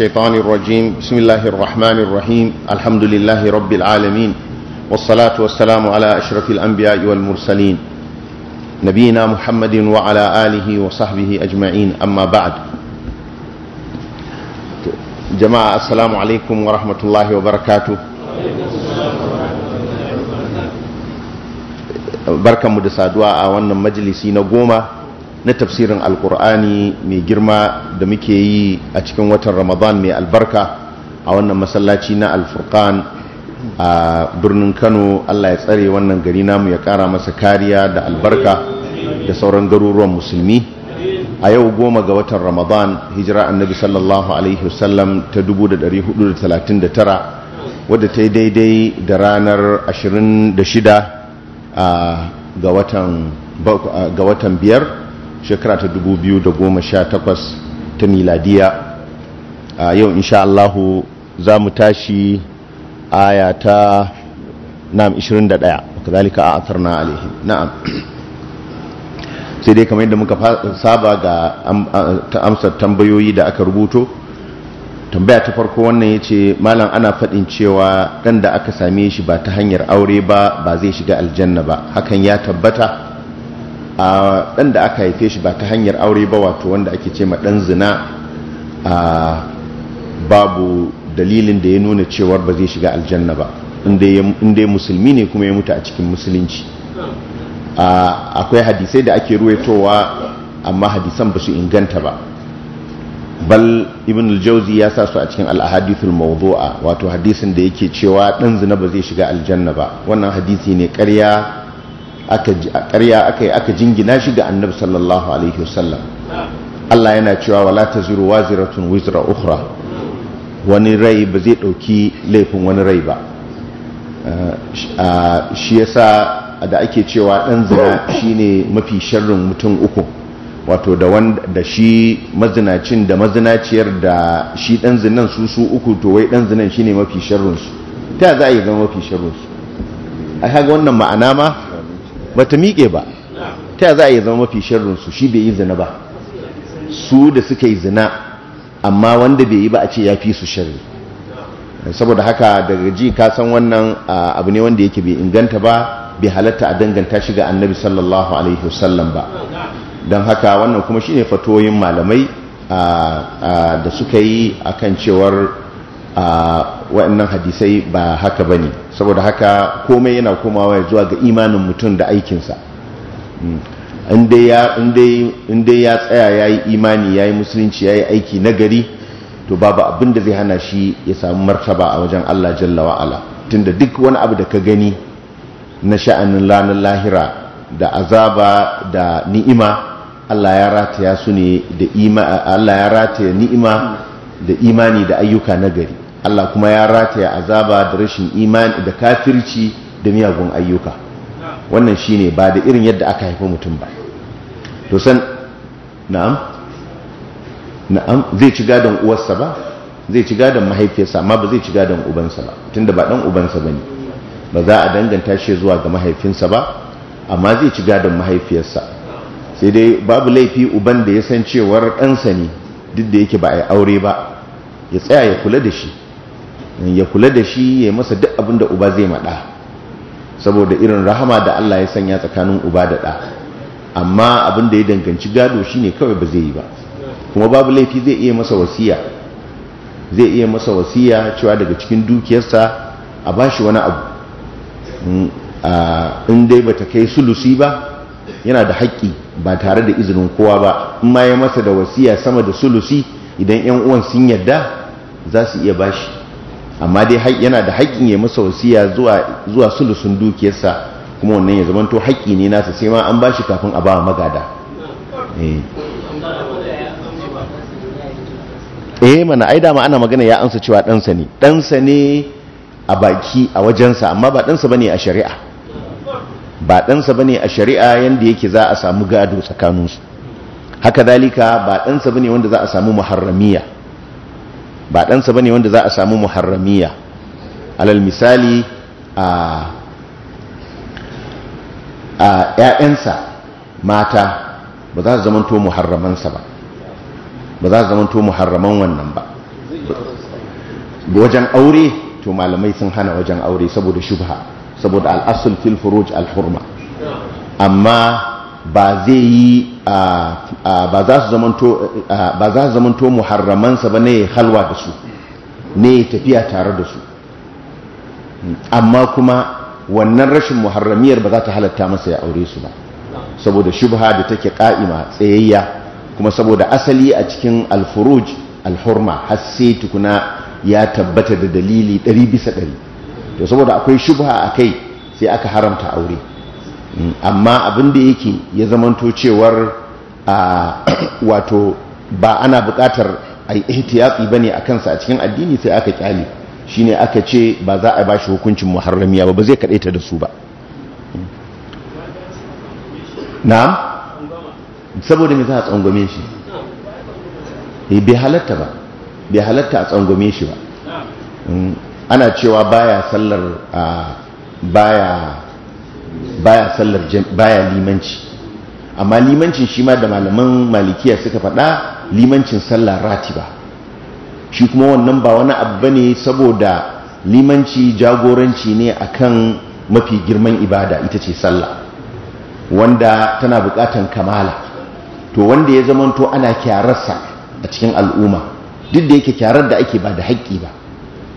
الشيطان الرجيم بسم الله الرحمن الرحيم الحمد لله رب العالمين والصلاة والسلام على أشرف الأنبياء والمرسلين نبينا محمد وعلى آله وصحبه أجمعين أما بعد جماعة السلام عليكم ورحمة الله وبركاته بركة مدسادوا أولا مجلسين قوما na tafsirin alkur'ani mai girma da muke yi a cikin watan ramadan mai albarka a wannan masallaci na alfurkan a birnin kano allah ya tsare wannan gari namu ya kara masa kariya da albarka da sauran garuruwan musulmi a yau goma ga watan ramadan hijira annabi sallallahu alaihi wasallam ta 439 wadda ta yi daidai da ranar 26 ga watan biyar shekara ta 2018 ta miladiya a yau insha Allahu za mu tashi aya ta na'am 21 kazalika a na alaihi na'am sai dai kamar yadda muka saba ga ta amsar tambayoyi da aka rubuto tambaya ta farko wannan ya ce malam ana faɗin cewa ɗan da aka same shi ba ta hanyar aure ba ba zai shiga aljanna ba hakan ya tabbata a ɗan da aka haife shi ba ta hanyar aure ba wato wanda ake ce ma ɗan zina a babu dalilin da ya nuna cewar ba zai shiga aljanna ba inda ya musulmi ne kuma ya mutu a cikin musulunci akwai hadisai da ake ruwaitowa amma hadisan ba su inganta ba bal ibn al ya sa su a cikin al'ahadithul ahadithul mawdu'a wato hadisin da yake cewa ɗan zina ba zai shiga aljanna ba wannan hadisi ne karya. aka ƙarya aka yi aka jingina shi ga annabi sallallahu alaihi wasallam Allah yana cewa wala taziru waziratun wizra ukhra wani rai ba zai ɗauki laifin wani rai ba uh, shi yasa da ake cewa dan zina shine mafi sharrin mutum uku wato da wanda da shi mazinacin da mazinaciyar da shi dan zinan su su uku to wai dan zinan shine mafi sharrin su ta za a yi zama mafi sharrin su a haga wannan ma'ana ma ba ta miƙe ba ta za a yi zama mafi su shi bai yi zina ba su da suka yi zina amma wanda bai yi ba a ce ya fi su sharri saboda haka daga ji ka san wannan abu ne wanda yake bai inganta ba bai halatta a danganta shi ga annabi sallallahu alaihi wasallam ba don haka wannan kuma shi ne fatoyin malamai da suka yi a kan cewar a waɗannan hadisai ba haka ba ne saboda haka komai yana komawa zuwa ga imanin mutum da aikinsa hmm. inda ya tsaya ya yi imani ya yi musulunci ya yi aiki nagari to babu abin da zai hana shi ya samu martaba a wajen allah jalla wa'ala tunda duk wani abu da ka gani na sha'anin ranar lahira da azaba da ni'ima allah ya rataya su ne da Allah ya rataya ni'ima da imani da ayyuka nagari Allah kuma ya rataya azaba da rashin imani da kafirci da miyagun ayyuka wannan shine ba da irin yadda aka haifa mutum ba to san na'am na'am zai ci gadon uwarsa ba zai ci gadon mahaifiyarsa amma ba zai ci gadon ubansa ba tunda ba dan ubansa bane ba za a danganta shi zuwa ga mahaifinsa ba amma zai ci gadon mahaifiyarsa sai dai babu laifi uban da ya san cewar ɗansa ne duk da yake ba a yi aure ba ya tsaya ya kula da shi ya kula da shi ya masa duk abin da uba zai maɗa saboda irin rahama da Allah ya sanya tsakanin uba da ɗa amma abin da ya danganci gado shi ne kawai ba zai yi ba kuma babu laifi zai iya masa wasiya zai iya masa wasiya cewa daga cikin dukiyarsa a ba shi wani abu hmm, in dai ba ta kai sulusi ba yana da haƙƙi ba tare da izinin kowa ba in ma ya masa da wasiya sama da sulusi idan 'yan uwan sun yadda za su iya bashi amma dai yana da haƙƙin ya masa wasiya zuwa sulusun dukiyarsa kuma wannan ya zamanto haƙƙi ne nasa sai ma an bashi kafin a ba magada eh. eh mana ai dama ana magana ya ansa cewa ɗansa ne ɗansa ne a baki a wajensa amma ba ɗansa ne a shari'a ba ɗansa ne a shari'a yadda yake za a samu gado tsakaninsu haka dalika ba ɗansa ne wanda za a samu muharramiya ba ɗansa ba ne wanda za a samu muharramiya alal misali a ‘ya'yansa mata ba za su zamanto muharramansa ba ba za su zamanto muharraman wannan ba wajen aure to malamai sun hana wajen aure saboda shubha saboda al'asul filfuroj al’urma amma ba zai yi ba za su zamanto muharramansa ba ne halwa da su ne tafiya tare da su amma kuma wannan rashin muharramiyar ba za ta halatta masa ya aure su ba saboda shubha da take ka'ima tsayayya kuma saboda asali a cikin alfuruj alhurma har sai tukuna ya tabbata da dalili 100 bisa 100 to saboda akwai shubha kai, sai aka haramta aure amma abin da yake ya zamanto cewar wato ba ana bukatar a yi ihtiyatsi ba ne a kansa a cikin addini sai aka kyale shi ne aka ce ba za a ba shi hukuncin muharramiya ba ba zai kaɗaita da su ba na saboda mai za a tsangwame shi eh, bai halatta ba bai halatta a tsangwame shi ba mm, ana cewa baya sallar a baya baya sallar baya limanci amma limancin shi ma da malaman malikiya suka faɗa limancin sallar ratiba shi kuma wannan ba wani abu ne saboda limanci jagoranci ne akan mafi girman ibada ita ce sallah wanda tana bukatan kamala to wanda ya zama to ana kyararsa a cikin al'umma duk da yake kyarar da ake ba da haƙƙi ba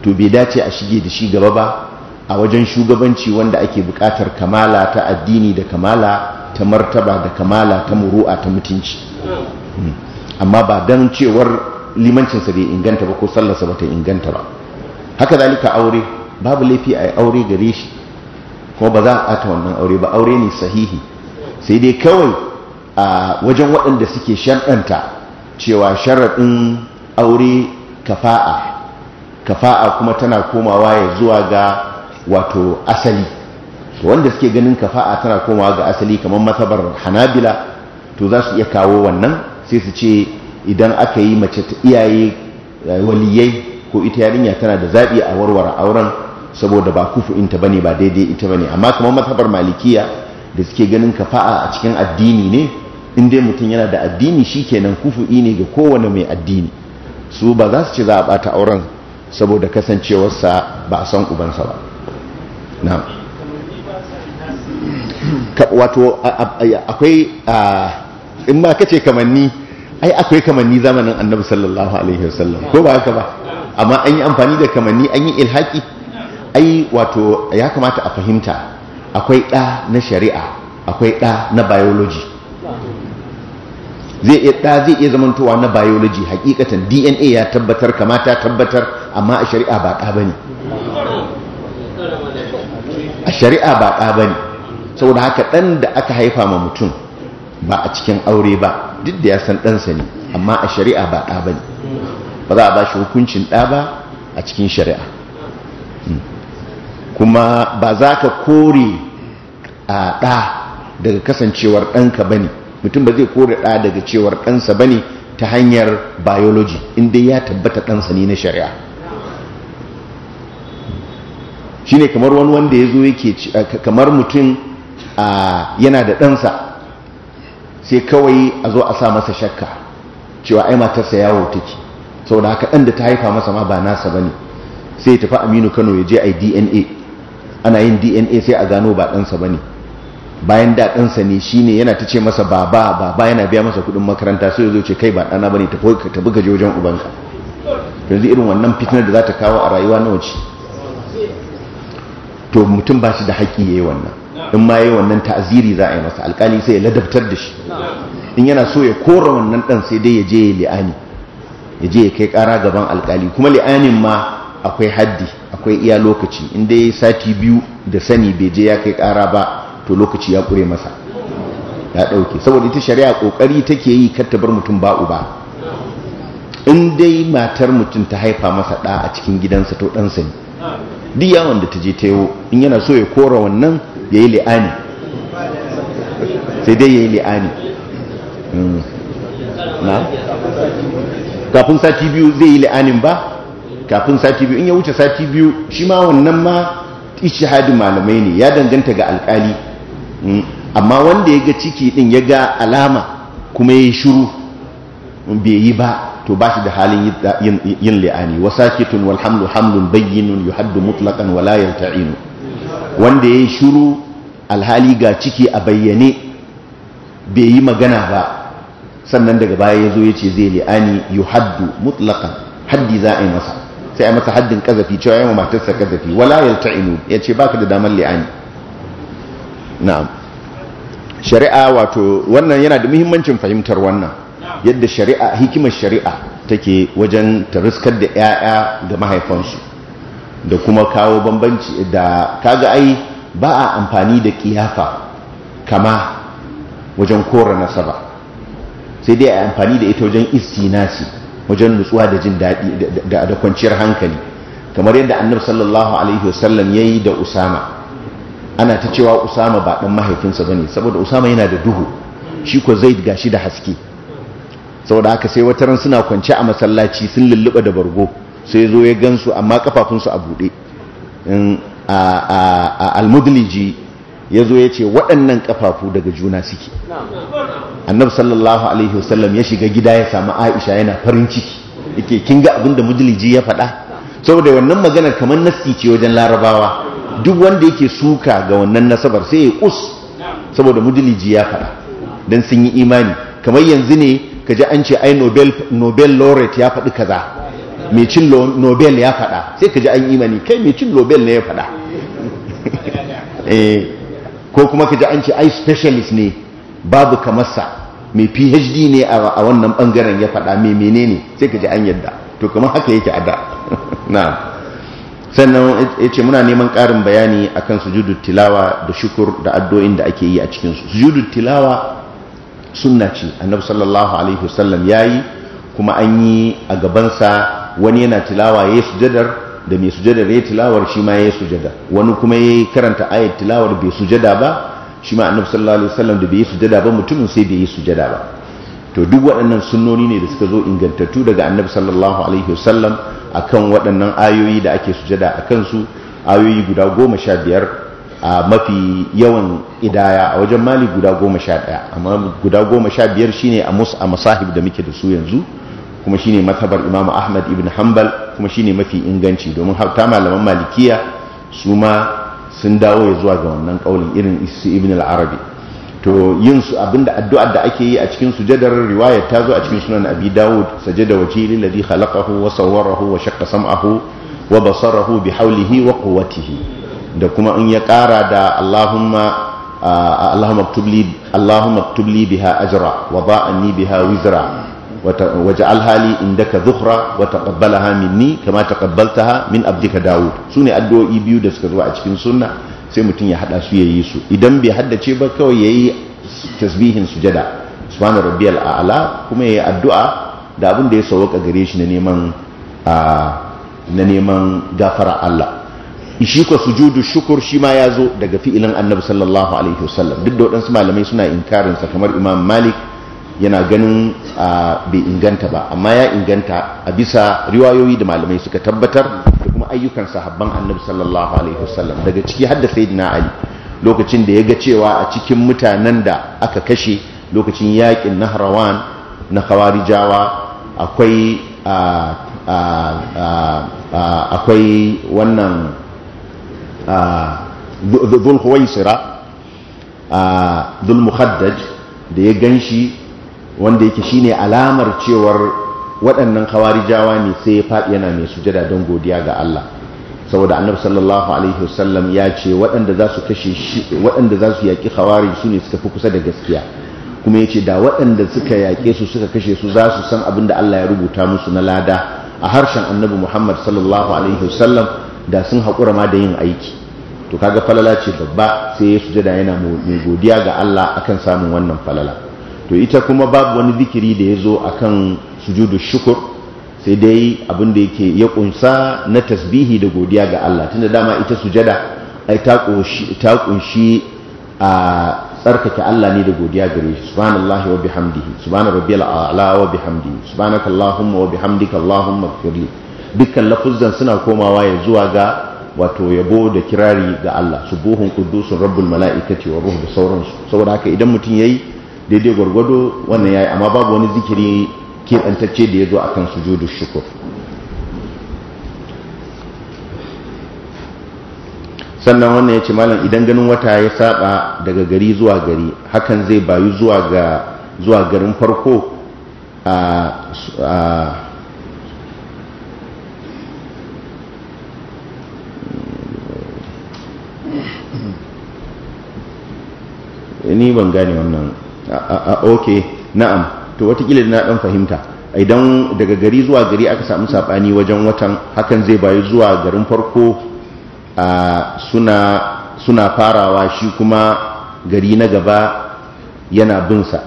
to bai dace a shige da shi gaba ba a wajen shugabanci wanda ake bukatar kamala ta addini da kamala ta martaba da kamala ta muru'a ta mutunci hmm. amma ba don cewar limancinsa bai inganta ba ko sallarsa ba ta inganta ba haka zalika aure babu laifi a aure gare shi kuma ba za a ata wannan aure ba aure ne sahihi sai dai kawai a wajen waɗanda suke sharɗanta cewa sharaɗin aure kafa'a kafa'a kuma tana komawa ya zuwa ga wato asali wanda suke ganin kafa'a tana komawa ga asali kamar masabar hanabila to za su iya kawo wannan sai su ce idan aka yi mace ta iyaye eh, waliyai ko ita yarinya tana da zaɓi a warware auren saboda ba kufu'inta bane ba daidai ita bane amma kamar matabar malikiya da suke ganin kafa'a a cikin addini ne in dai mutum yana da addini shi kenan kufu'i ne ga kowane mai addini su ba za su ce za a bata auren saboda kasancewarsa ba a san ubansa ba na wato akwai in ma kace kamanni ai akwai kamanni zamanin annabi sallallahu alaihi wasallam ko ba haka ba amma an yi amfani da kamanni an yi ilhaki ai wato ya kamata a fahimta akwai ɗa na shari'a akwai ɗa na biology zai iya ɗa zai iya zamantowa na biology hakikatan dna ya tabbatar kamata tabbatar amma a shari'a ba ɗa ba a shari'a ba ɗa ba saboda haka ɗan da aka haifa ma mutum ba a cikin aure ba duk da ya san ɗansa ne amma a shari'a ba ɗa ba ne ba za a ba shi hukuncin ɗa ba a cikin shari'a hmm. kuma ba za ka kore a ɗa daga kasancewar ɗanka ba ne mutum ba zai kore ɗa daga cewar ɗansa ba ne ta hanyar biology inda ya tabbata ɗansa ne na shari'a Shi ne kamar wani wanda ya zo yake kamar mutum yana da ɗansa sai kawai a zo a sa masa shakka cewa ai matarsa yawo take sau da haka ɗan da ta haifa masa ma ba nasa ba ne sai tafi aminu kano ya je a dna ana yin dna sai a gano ba ɗansa ba ne bayan da ɗansa ne shi ne yana ta ce masa baba baba yana biya masa kuɗin makaranta sai ya zo ce kai ba ɗana ba ne tafi ka je wajen ubanka yanzu irin wannan fitinar da za ta kawo a rayuwa na wace to mutum ba shi da haƙƙi ya yi wannan in ma ya yi wannan ta'aziri za a yi masa alƙali sai ya ladabtar da shi in yana so ya kora wannan ɗan sai dai ya je ya li'ani ya je ya kai ƙara gaban alƙali kuma li'anin ma akwai haddi akwai iya lokaci in dai sati biyu da sani bai je ya kai ƙara ba to lokaci ya ƙure masa ya ɗauke saboda ita shari'a ƙoƙari take yi kar ta bar mutum ba uba in dai matar mutum ta haifa masa ɗa a cikin gidansa to ɗansa ne duk yawon da ta je ta in yana so ya kora wannan ya yi li'ani sai dai ya yi li'ani hmm. na kafin sati biyu zai yi li'anin ba kafin sati biyu in ya wuce sati biyu shi ma wannan ma hadin malamai ne ya danganta ga alkali hmm. amma wanda ya ga ciki din ya ga alama kuma ya yi shuru bai yi ba to ba shi da halin yin li'ani wa sakitun wal hamlu hamlun bayyinun yuhaddu mutlaqan wa la yalta'inu wanda yayi shiru alhali ga ciki a bayyane bai yi magana ba sannan daga baya yazo yace zai li'ani yuhaddu mutlaqan haddi za a yi masa sai a masa haddin kazafi cewa yayin matarsa kazafi wala yalta'inu yace baka da damar li'ani na'am shari'a wato wannan yana da muhimmancin fahimtar wannan yadda shari'a hikimar shari'a take wajen ta tariskar da 'ya'ya ga mahaifansu da kuma kawo bambanci da kaga ai ba a amfani da kiyafa kama wajen kora nasaba sai dai a amfani da ita wajen nasi wajen nutsuwa da jin daɗi da kwanciyar hankali kamar yadda annab sallallahu alaihi wasallam ya yi da usama ana ta cewa usama ba ɗan mahaifinsa ba ne saboda usama yana da duhu shi ko zai gashi da haske saboda haka sai wata ran suna kwance a masallaci sun lulluɓa da bargo sai zo ya gansu amma kafafunsu a buɗe a almudliji ya zo ya ce waɗannan kafafu daga juna suke annab sallallahu alaihi wasallam ya shiga gida ya samu aisha yana farin ciki yake kin ga abin da mudliji ya faɗa saboda wannan maganar kamar nasti ce wajen larabawa duk wanda yake suka ga wannan nasabar sai ya kus saboda mudliji ya faɗa don sun yi imani kamar yanzu ne ka ji an ce ai nobel laureate ya faɗi kaza mai cin nobel ya faɗa sai ka ji an imani kai mai cin nobel ne ya faɗa eh, ko kuma ka ji an ce ai specialist ne babu kamarsa mai phd ne a wannan bangaren ya faɗa mai menene sai ka ji an yadda to kamar haka yake a da na sannan ya ce muna neman ƙarin bayani akan sujudu tilawa da shukur da addo'in da ake yi a cikinsu sujudu tilawa sunna ce annabi sallallahu alaihi wasallam yayi kuma an yi a gabansa wani yana tilawa ya sujadar da mai sujada ya tilawar shi ma ya sujada wani kuma ya karanta ayat tilawar bai sujada ba shi ma annabi sallallahu alaihi wasallam da bai sujada ba mutumin sai bai yi sujada ba to duk waɗannan sunnoni ne da suka zo ingantattu daga annabi sallallahu alaihi wasallam akan waɗannan ayoyi da ake sujada a kansu ayoyi guda goma sha biyar a mafi yawan idaya a wajen mali guda goma sha ɗaya amma guda goma sha biyar shine a masahib da muke da su yanzu kuma shine matabar imamu ahmad ibn hanbal kuma shine mafi inganci domin hauta malaman malikiya su ma sun dawo ya zuwa ga wannan kaulin irin isu ibn al-arabi to yin su abinda addu'ar da ake yi a cikin sujadar riwaya ta zo a cikin sunan abi dawud sajada wajhi alladhi khalaqahu wa sawwarahu wa shaqqa sam'ahu wa basarahu bi haulihi wa quwwatihi da kuma in ya ƙara da Allahumma Allahumma tubli biha ajra wa da'anni biha wizra waj'al hali indaka dhukhra wa taqabbalaha minni kama taqabbaltaha min abdika Dawud sune addu'o'i biyu da suka zo a cikin sunna sai mutum ya hada su yayi su idan bai haddace ba kawai yayi tasbihin sujada subhana rabbiyal a'la kuma ya yi addu'a da abin da ya sauka gare shi na neman na neman gafara Allah shi ko sujudu shukur shi ma ya zo daga fi'ilin annabi sallallahu alaihi wasallam duk da waɗansu malamai suna inkarin sa kamar imam malik yana ganin bai inganta ba amma ya inganta a bisa riwayoyi da malamai suka tabbatar da kuma ayyukan sahabban annabi sallallahu alaihi wasallam daga ciki har da sayyidina ali lokacin da ya ga cewa a cikin mutanen da aka kashe lokacin yakin nahrawan na khawarijawa akwai akwai wannan dhul huwaisira dhul muhaddaj da ya gan shi wanda yake shine alamar cewar waɗannan kawarijawa ne sai ya faɗi yana mai sujada don godiya ga Allah saboda annabi sallallahu alaihi wasallam ya ce waɗanda za su kashe shi waɗanda za su yaƙi su ne suka fi kusa da gaskiya kuma ya ce da waɗanda suka yaƙe su suka kashe su za su san abin da Allah ya rubuta musu na lada a harshen annabi Muhammad sallallahu alaihi wasallam da sun haƙura ma da yin aiki to kaga falala ce babba sai ya sujada yana mai godiya ga Allah akan samun wannan falala to ita kuma babu wani zikiri da ya zo a kan sujudu shukur sai dai abin da yake ya kunsa na tasbihi da godiya ga Allah tunda dama ita sujada ai ta kunshi a tsarkake Allah ne da godiya gare shi subhanallahi wa bihamdihi subhana rabbiyal a'la wa bihamdihi subhanakallahumma wa bihamdika allahumma ighfirli dukkan lafuzan suna komawa ya zuwa ga wato yabo da kirari ga Allah subuhun quddusun rabbul malaikati wa ruhu da sauransu saboda haka idan mutum yayi daidai gwargwado wannan yayi amma babu wani zikiri keɓantacce da ya zo akan sujudu shukur sannan wannan ya ce malam idan ganin wata ya saba daga gari zuwa gari hakan zai bayu zuwa zuwa garin farko a ni ban gane wannan a na'am to watakila na dan fahimta idan daga gari zuwa gari aka samu sabani wajen watan hakan zai bayu zuwa garin farko a suna farawa shi kuma gari na gaba yana binsa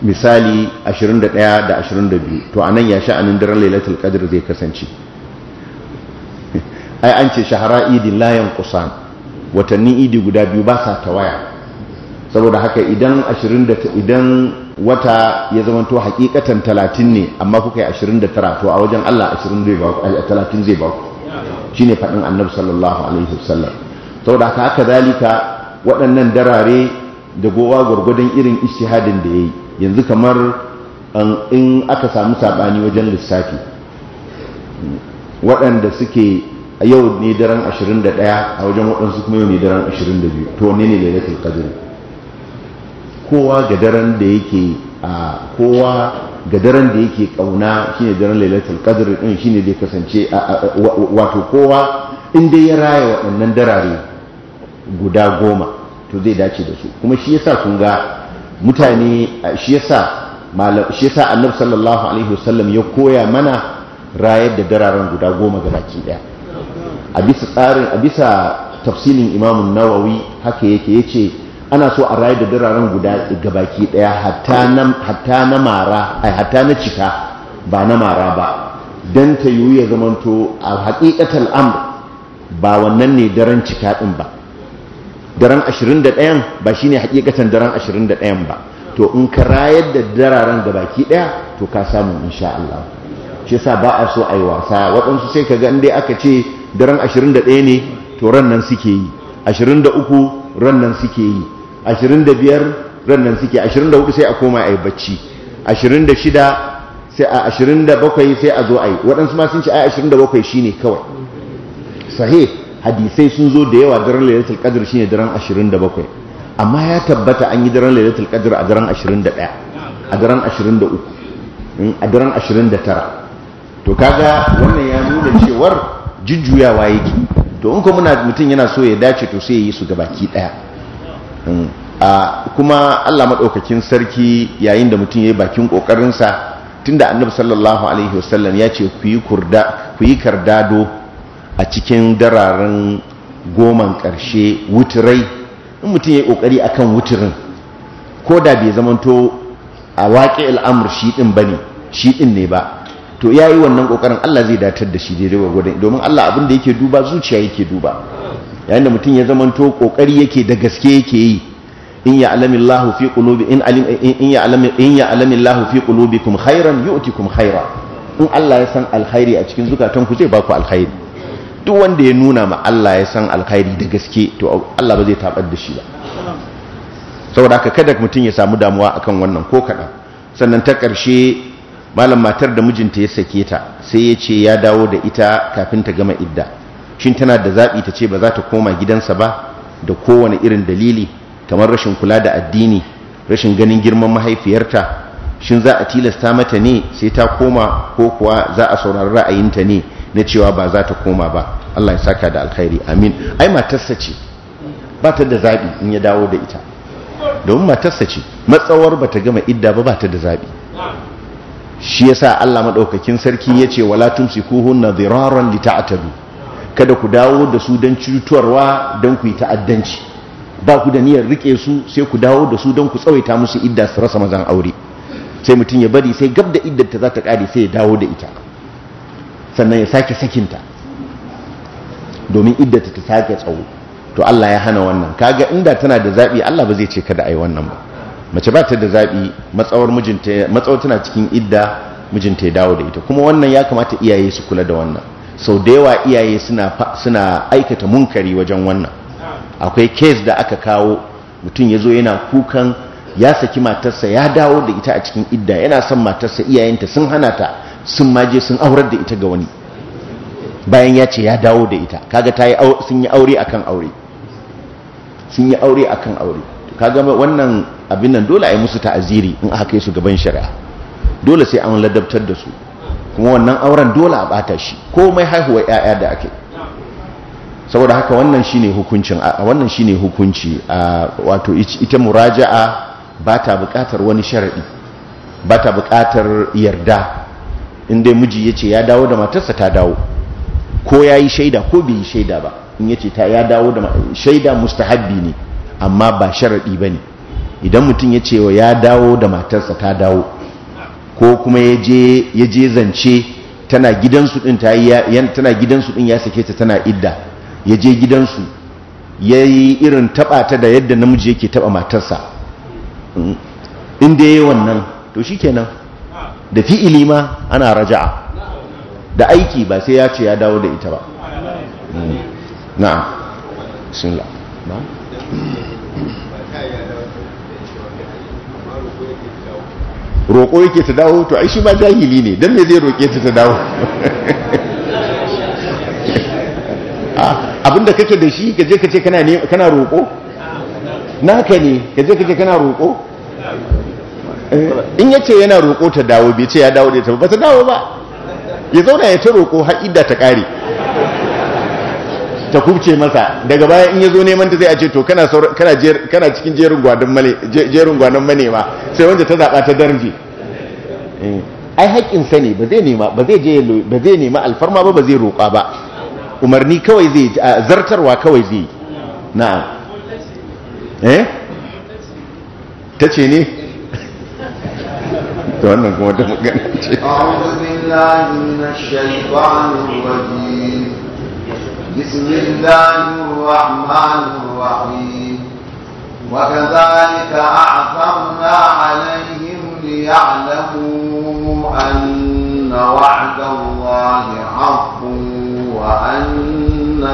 misali 21 da 22 to anan ya sha sha'anin daren lailatul qadr zai kasance ai an ce shahara idin layan kusan watannin idi guda biyu ba sa tawaya saboda haka idan idan wata ya zamanto hakikatan 30 ne amma kuka yi 29 to a wajen Allah zai 30 zai ba shi shine fadin Annabi sallallahu alaihi wasallam saboda haka haka zalika waɗannan darare da gowa gwargwadon irin istihadin da ya yi, yanzu kamar um, in aka samu saɓani wajen lissafi waɗanda suke yau ne daren 21 a wajen waɗansu kuma yau ne daren 22 to ne ne lailatul qadr kowa ga daren da yake a kowa ga daren da yake kauna shine daren lailatul qadr din shine da kasance wato kowa in dai ya raya waɗannan darare guda goma to zai dace da su kuma shi yasa sun ga mutane shi yasa malam shi yasa annabi sallallahu alaihi wasallam ya koya mana rayar da dararen guda goma ga baki daya a bisa tsarin a bisa tafsirin imamun nawawi haka yake yace ana so a rayu da duraren guda gabaki daya hatta na mara ai hatta na cika ba na mara ba don ta yiwu ya zamanto a haƙiƙatar am ba wannan ne daren cika ɗin ba daren 21 ba shine hakikatan daren 21 ba to in ka rayar da dararen gabaki daya to ka samu insha Allah shi yasa ba a so ai wasa waɗansu sai ka in dai aka ce daren 21 ne to ran nan suke yi 23 ran nan suke yi 25 ran nan suke 24 sai a koma a yi bacci 26 sai a 27 sai a zo a yi waɗansu ma sun ce ai 27 shine kawai sahih hadisai sun zo da yawa daren lailatul shi ne daren 27 amma ya tabbata an yi daren lailatul qadr a daren 21 a daren 23 hmm, a daren 29 to kaga wannan ya nuna cewar jujjuyawa yake to in ko muna mutum yana so ya dace to sai ya yi su gabaki daya kuma Allah maɗaukakin sarki yayin da mutum ya yi bakin ƙoƙarinsa tunda annabi sallallahu alaihi wasallam ya ce ku yi kurda ku kardado a cikin dararen goman ƙarshe wuturai in mutum ya yi ƙoƙari a kan wuturin ko da bai zamanto a waƙe al'amur shi ɗin ba ne shi ɗin ne ba to ya yi wannan ƙoƙarin Allah zai datar da shi daidai gwargwadon domin Allah abin da yake duba zuciya yake duba yayin da mutum ya zamanto kokari yake da gaske yake yi in ya alami Allah fi qulubi in alim in ya alami in ya alami Allah fi qulubikum khairan yu'tikum khaira in Allah ya san alkhairi a cikin zukatan ku zai ba ku alkhairi duk wanda ya nuna ma Allah ya san alkhairi da gaske to Allah ba zai tabar da shi ba saboda haka kada mutum ya samu damuwa akan wannan ko kaɗan, sannan ta ƙarshe malam matar da mijinta ya sake ta sai ya ce ya dawo da ita kafin ta gama idda shin tana da zaɓi ta ce ba za ta koma gidansa ba da kowane irin dalili kamar rashin kula da addini rashin ganin girman mahaifiyarta shin za a tilasta mata ne sai ta koma ko kuwa za a saurari ra'ayinta ne na cewa ba za ta koma ba Allah ya saka da alkhairi amin ai matarsa ce ba ta da zaɓi in ya dawo da ita domin matarsa ce matsawar ba ta gama idda ba ba ta da zaɓi shi yasa Allah maɗaukakin sarki ya ce wala tumsikuhunna dhiraran lita'tadu kada ku dawo da su don cutuwarwa don ku yi ta'addanci ba ku da niyyar rike su sai ku dawo da su don ku tsawaita musu idda su rasa mazan aure sai mutum ya bari sai gab da idda ta za ta kare sai ya dawo da ita sannan ya sake sakinta domin iddar ta sake tsawo to Allah ya hana wannan kaga inda tana da zabi Allah ba zai ce kada ai wannan ba mace ba ta da zabi matsawar mijinta matsawar tana cikin idda mijinta ya dawo da ita kuma wannan ya kamata iyaye su kula da wannan sau da yawa iyaye suna aikata munkari wajen wannan akwai kes da aka kawo mutum ya zo yana kukan ya saki matarsa ya dawo da ita a cikin idda yana son matarsa iyayenta sun hana ta sun maje sun aurar da ita ga wani bayan ya ce ya dawo da ita kaga ta yi sun yi aure aure sun yi aure kan aure kaga wannan abin nan dole a yi musu ta'aziri in aka kai su gaban shari'a dole sai an ladabtar da su kuma wannan auren dole a bata shi komai haihuwar yaya da ake saboda haka wannan shine hukuncin wannan shine hukunci wato ita muraja'a bata bukatar wani sharadi bata bukatar yarda inda miji yace ya dawo da matarsa ta dawo ko yayi shaida ko bai yi shaida ba in yace ta ya dawo da shaida mustahabbi ne amma ba sharadi bane idan mutum yace ya dawo da matarsa ta dawo ko kuma ya je zance tana gidansu ɗin tana gidansu din ya sake ta tana idda ya je gidansu ya yi irin taba ta da yadda namiji yake taɓa matarsa inda ya yi wannan to shi kenan da fi'ili ma ana raja'a da aiki ba sai ya ce ya dawo da ita ba hmm. na'am roƙo yake ta dawo to ai shi ma jahili ne don me zai roƙe ta ta dawo ah, abinda kake da shi kaje kace kana roƙo naka ne kaje kace kana roƙo eh, in yace yana roƙo ta dawo bai ce ya dawo da ta ba ta dawo ba ya zauna ya ta roƙo har idda ta ƙare ta kubce masa daga baya in ya zo neman ta zai a ce to kana cikin jerin gwanon manema sai wanda ta zaɓa ta darji eh, ai haƙƙinsa ne ba zai nema ba zai nema alfarma ba ba zai roƙa ba umarni kawai zai zartarwa kawai zai na'am eh? ta ce ne ta wannan kuma ta magana ce بسم الله الرحمن الرحيم وكذلك أعثرنا عليهم ليعلموا أن وعد الله حق وأن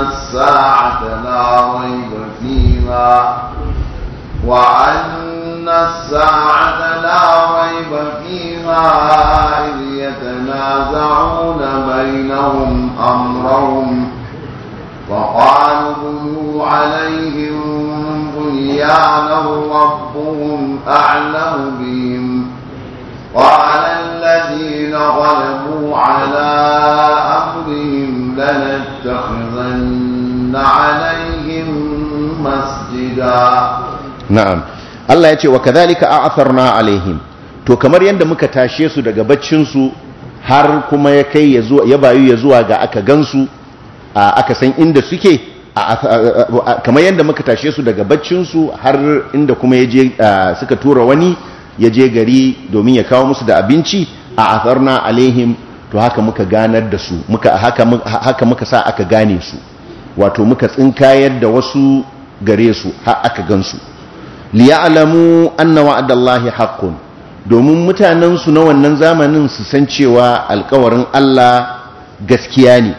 الساعة لا ريب فيها وأن الساعة لا ريب فيها إذ يتنازعون بينهم أمرهم وقالوا بنوا عليهم بنيانا ربهم أعلم بهم قال الذين غلبوا على أمرهم لنتخذن عليهم مسجدا نعم الله يقول وكذلك أعثرنا عليهم to kamar yadda muka tashe su daga baccinsu har kuma ya kai ya bayu ya zuwa ga aka gansu aka san inda suke kamar yadda muka tashe su daga baccinsu har inda kuma suka tura wani ya je gari domin ya kawo musu da abinci a atharna alaihim to haka muka ganar da su haka muka sa aka gane su wato muka tsinkayar da wasu gare su har aka gansu liya'lamu anna wa'dallahi haqqun domin mutanensu na wannan zamanin su san cewa alkawarin Allah gaskiya ne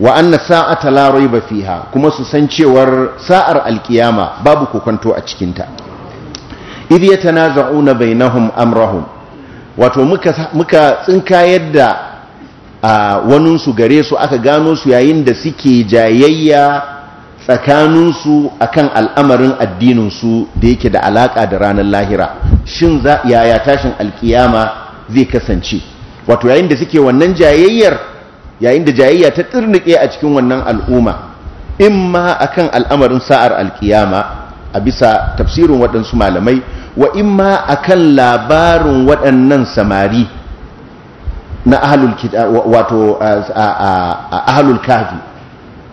wa anna sa'ata la rayba fiha kuma su san cewar sa'ar alkiyama babu kokonto a cikin ta idh yatanaza'una bainahum amrahum wato muka muka tsinka yadda wanin su gare su aka gano su yayin da suke jayayya tsakanin su akan al'amarin addinin su da yake da alaka da ranar lahira shin za yaya tashin alkiyama zai kasance wato yayin da suke wannan jayayyar yayin da jayayya ta tsirnike a cikin wannan al'umma in imma akan al'amarin sa'ar alkiyama a bisa tafsirin waɗansu malamai wa in a akan labarin waɗannan samari na ahalul wato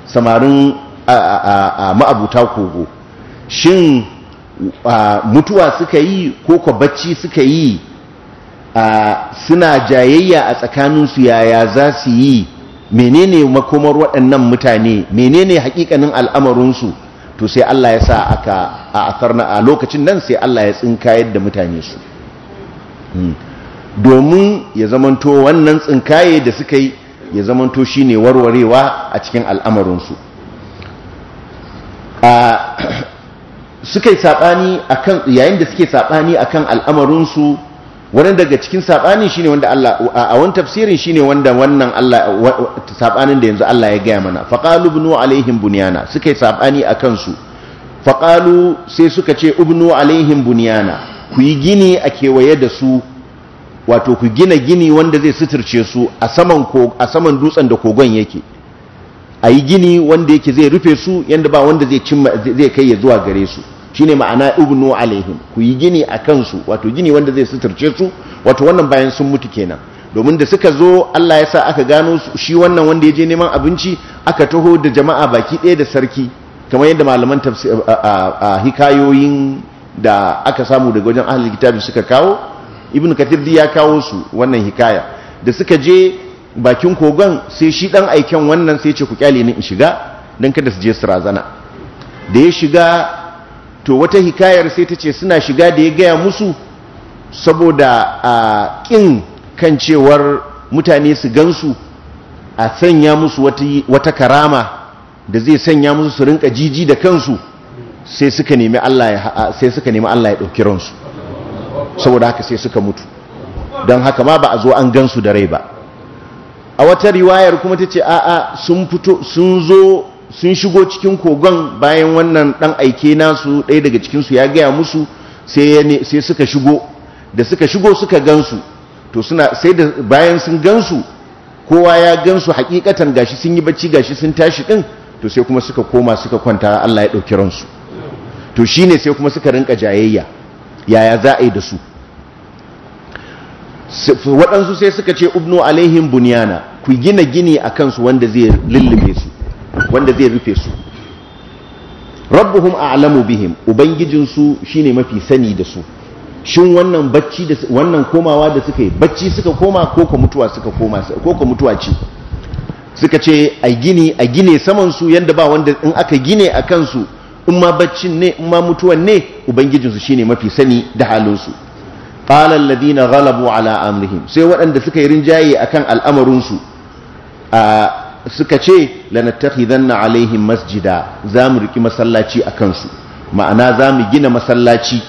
samarin ma'abuta kogo shin mutuwa suka yi ko kwabacci suka yi suna jayayya a tsakaninsu yaya za su yi menene makomar waɗannan mutane menene hakikanin al'amarinsu to sai Allah ya sa aka a na a lokacin nan sai Allah ya tsinkayar da mutane su hmm. domin ya zamanto wannan tsinkaye da suka yi ya zamanto shi ne warwarewa a cikin al'amarinsu suka yi saɓani kan yayin da suke saɓani a kan al'amarinsu wannan daga cikin sabanin shine wanda Allah a wani tafsirin shine wanda wannan Allah sabanin da yanzu Allah ya gaya mana faqalu ibnu alaihim bunyana suka yi sabani akan su faqalu sai suka ce ibnu alaihim bunyana ku yi gini a kewaye da su wato ku gina gini wanda zai suturce su a saman a saman dutsen da kogon yake a yi gini wanda yake zai rufe su yanda ba wanda zai cimma zai kai ya zuwa gare su shine ma'ana ibnu alaihim ku yi gini a kansu wato gini wanda zai suturce su wato wannan bayan sun mutu kenan domin da suka zo Allah ya sa aka gano shi wannan wanda ya je neman abinci aka taho da jama'a baki ɗaya da sarki kamar yadda malaman hikayoyin da aka samu daga wajen ahlul kitabi suka kawo ibnu kathir ya kawo su wannan hikaya da suka je bakin kogon sai shi dan aiken wannan sai ce ku kyale ni in shiga dan kada su je su razana da ya shiga to wata hikayar sai ta ce suna shiga da ya gaya musu saboda a ƙin kan cewar mutane su gansu a sanya musu wata karama da zai sanya musu su rinka jiji da kansu sai suka nemi Allah ya ɗauki ransu saboda haka sai suka mutu don haka ma ba a zo an gansu da rai ba a wata riwayar kuma tace a a sun fito sun zo sun shigo cikin kogon bayan wannan ɗan aike nasu ɗaya daga cikinsu ya gaya musu sai suka shigo da suka shigo suka gansu to sai da bayan sun gansu kowa ya gansu hakikatan gashi sun yi bacci gashi sun tashi ɗin to sai kuma suka koma suka kwanta Allah ya ɗauki ransu to shine sai kuma suka rinka jayayya yaya za a yi da su waɗansu sai suka ce ubnu alaihim bunyana ku gina gini a kansu wanda zai lullube su wanda zai rufe su rabbuhum a'lamu bihim ubangijinsu shine mafi sani da su shin wannan bacci da wannan komawa da suka yi bacci suka koma ko ka mutuwa suka koma ko ka mutuwa ce suka ce a gine a gine saman su yanda ba wanda in aka gine a kansu in ma baccin ne in ma mutuwan ne ubangijinsu shine mafi sani da halinsu qala alladhina ghalabu ala amrihim sai waɗanda suka yi rinjaye akan al'amarinsu a suka ce lanattakhidanna alaihim masjida za mu riki masallaci a kansu ma'ana za mu gina masallaci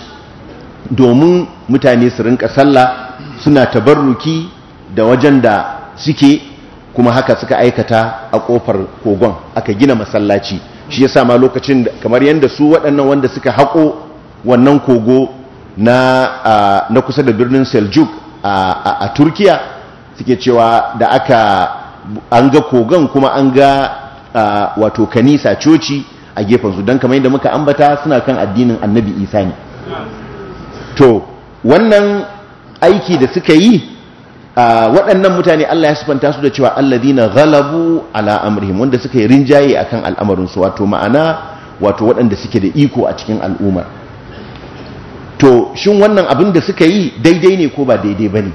domin mutane su rinka sallah suna tabarruki da wajen da suke kuma haka suka aikata a ƙofar kogon aka gina masallaci shi yasa ma lokacin kamar yadda su waɗannan wanda suka haƙo wannan kogo na kusa da birnin seljuk a turkiya suke cewa da aka an ga kogon kuma an ga wato kanisa coci a gefen su, don kamar yadda muka ambata suna kan addinin annabi isa ne to wannan aiki da suka yi waɗannan mutane Allah ya sufanta su da cewa allah ghalabu ala amrihim wanda suka yi rinjaye akan al'amarinsu wato ma'ana wato waɗanda suke da iko a cikin al'umma to shin wannan abin da suka yi daidai ne ko ba daidai ba ne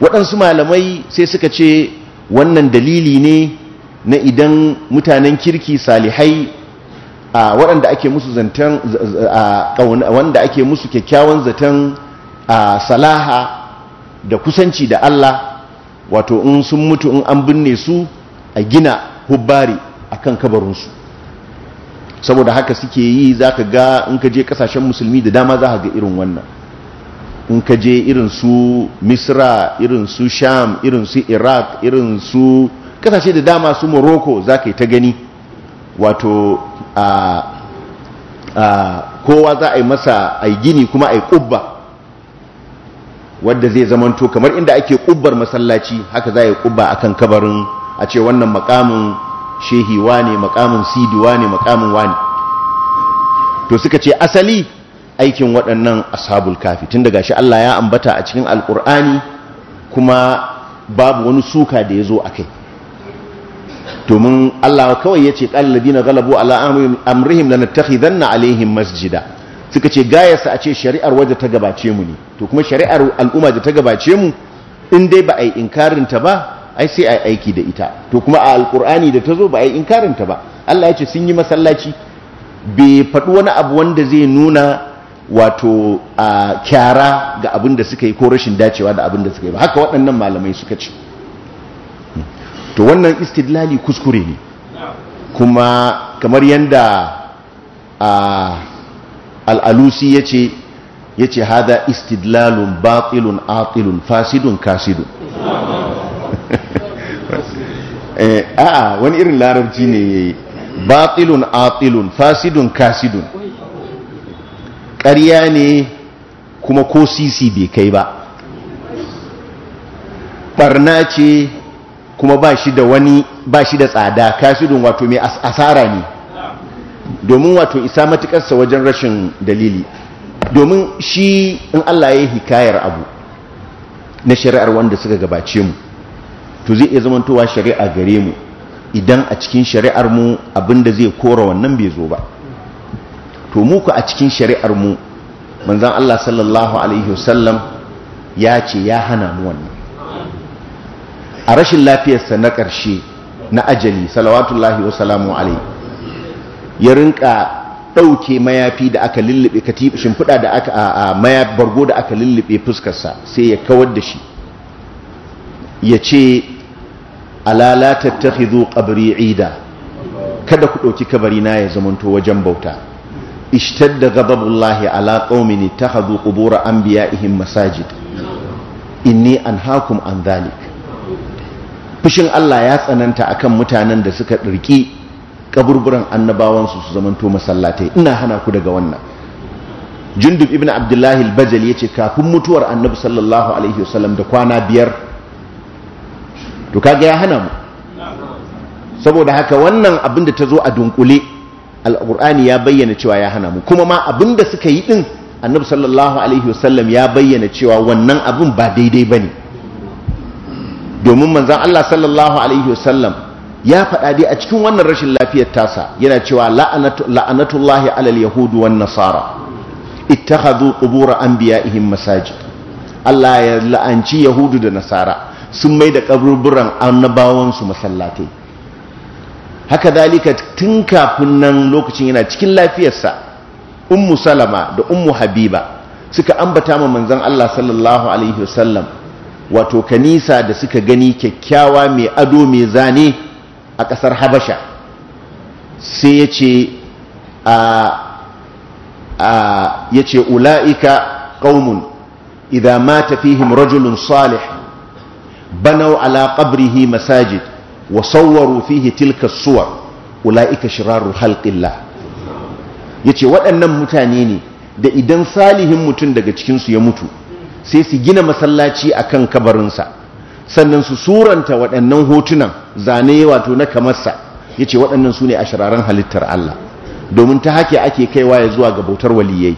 waɗansu malamai sai suka ce wannan dalili ne na idan mutanen kirki salihai a waɗanda ake musu zantan wanda ake musu kyakkyawan zaton salaha da kusanci da Allah wato in sun mutu in an binne su a gina hubbari akan kabarinsu saboda haka suke yi zaka ga in ka je kasashen musulmi da dama za ga irin wannan in ka je irin su misra irin su sham irin su iraq irin su kasashe da dama su morocco za ka yi ta gani wato a kowa za a yi masa a gini kuma a yi kubba wadda zai zamanto kamar inda ake kubbar masallaci haka za a yi kubba a kan kabarin a ce wannan makamin shehiwa ne makamin sidiwa ne makamin wani to suka ce asali aikin waɗannan ashabul kafi tun daga shi Allah ya ambata a cikin alƙur'ani kuma babu wani suka da ya zo a kai domin Allah kawai ya ce ƙallabi na galabu ala amrihim da na takhizan na alaihim masjida suka ce gayasa a ce shari'ar waje ta gabace mu ne to kuma shari'ar al'umma da ta gabace mu in dai ba a yi inkarinta ba ai sai a aiki da ita to kuma a alƙur'ani da ta zo ba a yi inkarinta ba Allah ya ce sun yi masallaci bai faɗi wani abu wanda zai nuna wato a kyara ga abin da suka yi ko rashin dacewa da abin da suka yi ba haka waɗannan malamai suka ce to wannan istidlali kuskure ne kuma kamar yadda al'alusi ya ce ya ce haza istidlalun batilun atilun fasidun kasidun eh, a'a wani irin larabci ne batilun atilun fasidun kasidun ƙarya ne kuma ko sisi bai kai ba ɓarna ce kuma ba shi da wani ba shi da tsada kasidun wato mai asara ne domin wato isa matukarsa wajen rashin dalili domin shi in Allah ya yi hikayar abu na shari'ar wanda suka gabace mu to zai iya zamantowa shari'a gare mu idan a cikin shari'ar mu abinda zai kora wannan bai zo ba to muku a cikin shari'ar mu manzan Allah sallallahu alaihi wasallam ya ce ya hana mu wannan a rashin lafiyarsa na ƙarshe na ajali salawatullahi salamu alai ya rinka ɗauke mayafi da aka lullube shimfiɗa da aka a mayafi bargo da aka lullube fuskarsa sai ya kawar da shi ya ce ta tattakhidhu qabri ida kada ku ɗauki kabari na ya zamanto wajen bauta ishtadda ghadabullahi ala qaumin ittakhadhu qubur anbiya'ihim masajid inni anhaakum an dhalik fushin Allah ya tsananta akan mutanen da suka dirki kaburburan annabawansu su zamanto masallatai ina hana ku daga wannan jundub ibn abdullahi al-bajal yace kafin mutuwar annabi sallallahu alaihi wasallam da kwana biyar to kaga ya hana mu saboda haka wannan abin da ta zo a dunkule Al'ƙur'ani ya bayyana cewa ya hana mu kuma ma abin da suka yi ɗin, annabi sallallahu alaihi wasallam ya bayyana cewa wannan abin ba daidai ba ne, domin manzon Allah sallallahu alaihi wasallam ya faɗa dai a cikin wannan rashin lafiyar tasa yana cewa la'anatullahi alal yahudu wan nasara ittakhadhu qubur anbiya'ihim masajid Allah ya la'anci yahudu da nasara sun mai da kaburburan annabawansu masallatai haka zalika tun kafin nan lokacin yana cikin lafiyarsa ummu salama da ummu habiba suka ambata ma manzon Allah sallallahu alaihi wasallam wato kanisa da suka gani kyakkyawa mai ado mai zane a ƙasar habasha sai ya ce a ya ce ula'ika qaumun idan mata fihim rajulun salih banau ala ƙabrihi masajid wa fihi tilka suwar ulaika shirarul Ya yace waɗannan mutane ne da idan salihin mutum daga cikin su ya mutu sai su gina masallaci akan kabarinsa sannan su suranta waɗannan hotunan zane wato na kamarsa yace waɗannan su ne shiraren halittar Allah domin ta hake ake kaiwa ya zuwa ga bautar waliyai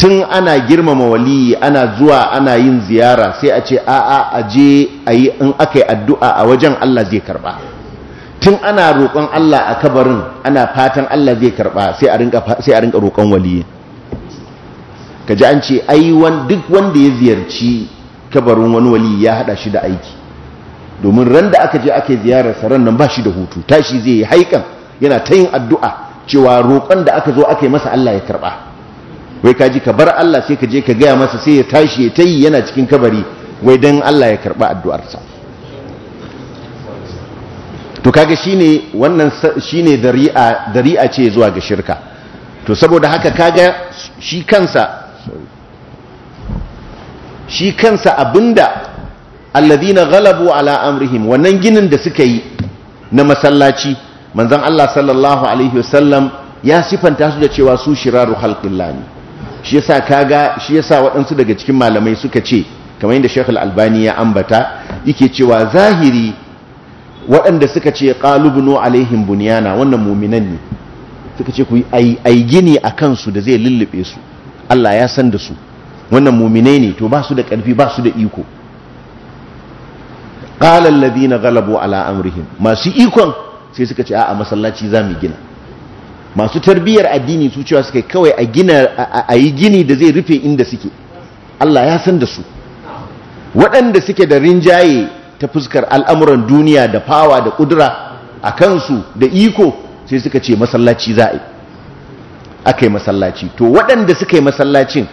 tun ana girmama waliyi ana zuwa ana yin ziyara sai a ce a'a a je a yi in aka yi addu'a a wajen Allah zai karba tun ana roƙon Allah a kabarin ana fatan Allah zai karba sai a rinka roƙon waliyi ka ji an ce ai duk wanda ya ziyarci kabarin wani waliyi ya haɗa shi da aiki domin ran da aka je aka yi ziyararsa ran nan ba shi da hutu tashi zai yi haikan yana ta yin addu'a cewa roƙon da aka zo aka yi masa Allah ya karɓa. wai kaji ka bar Allah sai ka je ka gaya masa sai ya tashi ya tayi yana cikin kabari wai dan Allah ya karba addu'arsa to kaga shine wannan shine dari'a dari'a ce zuwa ga shirka to saboda haka kaga shi kansa shi kansa abinda alladhina ghalabu ala amrihim wannan ginin da suka yi na masallaci manzon Allah sallallahu alaihi wasallam ya sifanta su da cewa su shiraru khalqillah shi yasa kaga shi yasa waɗansu daga cikin malamai suka ce kamar yadda Sheikh Al-Albani ya ambata yake cewa zahiri waɗanda suka ce qalubnu alaihim bunyana wannan mu'minan ne suka ce ku ai gini a kansu da zai lullube su Allah ya san da su wannan mu'minai ne to ba su da ƙarfi ba su da iko qala alladhina ghalabu ala amrihim masu ikon sai suka ce a'a masallaci zamu gina masu tarbiyyar addini su cewa suka kawai a gina a yi gini da zai rufe inda suke Allah ya san da su waɗanda suke da rinjaye ta fuskar al'amuran duniya da fawa da ƙudura a kansu da iko sai suka ce masallaci zai aka yi masallaci to waɗanda suka yi masallacin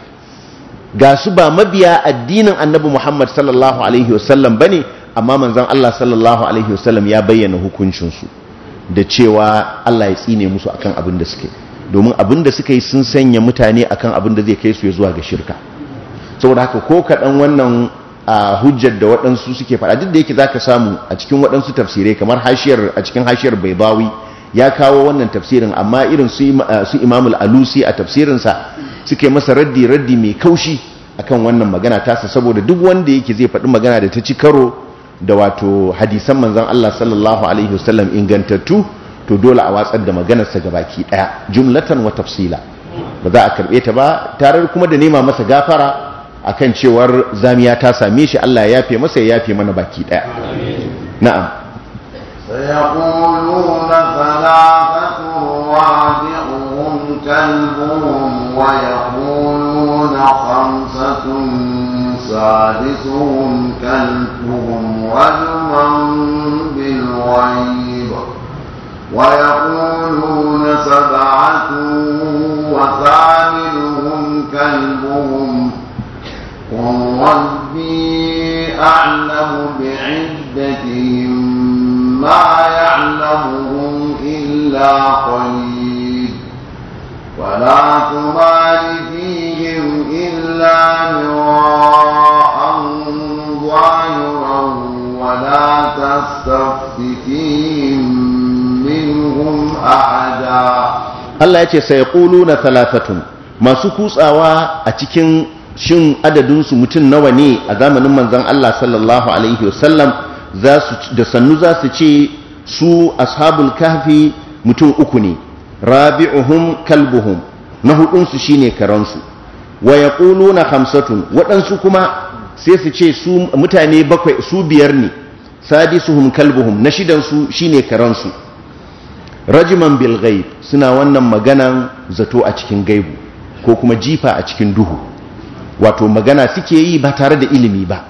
ga su ba mabiya addinin annabi Muhammad sallallahu alaihi wasallam ne? amma manzon Allah sallallahu alaihi wasallam ya bayyana hukuncinsu da cewa Allah ya tsine musu akan abin da suke domin abin da suka yi sun sanya mutane akan abin da zai kai su zuwa ga shirka saboda haka ko kaɗan wannan hujjar da waɗansu suke faɗa duk da yake za ka samu a cikin waɗansu tafsirai kamar hashiyar a cikin hashiyar bawi ya kawo wannan tafsirin amma irin su imamul alusi a tafsirinsa suke masa raddi raddi mai kaushi akan wannan magana tasa saboda duk wanda yake zai faɗi magana da ta ci karo da wato hadisan manzan Allah sallallahu alaihi wasallam ingantattu to dole a watsar da maganarsa ga baki daya jumlatan wa tafsila ba za a karbe ta ba tarar kuma da nema masa gafara akan cewar zamiya ta same shi Allah ya yafe masa ya yafe mana baki daya na'am سيقولون ثلاثة رابعهم كلبهم ويقولون خمسة سادسهم كلبهم رجما بالغيب ويقولون سبعة وثامنهم كلبهم قل ربي أعلم بعدتهم ما يعلمهم إلا قليل ولا تمالك Allah ya ce sai na talafatun masu kutsawa a cikin shin adadinsu mutum nawa ne a zamanin manzon Allah sallallahu alaihi wasallam da sannu za su ce su ashabul kafi mutum uku ne rabi'uhum kalbuhum na hudunsu shine karansu wa na hamsatun waɗansu kuma sai su ce su mutane bakwai su biyar ne sadisuhum kalbuhum na shidansu su shine karansu rajiman bilgai suna wannan maganan zato a cikin gaibu ko kuma jifa a cikin duhu wato magana suke yi ba tare da ilimi ba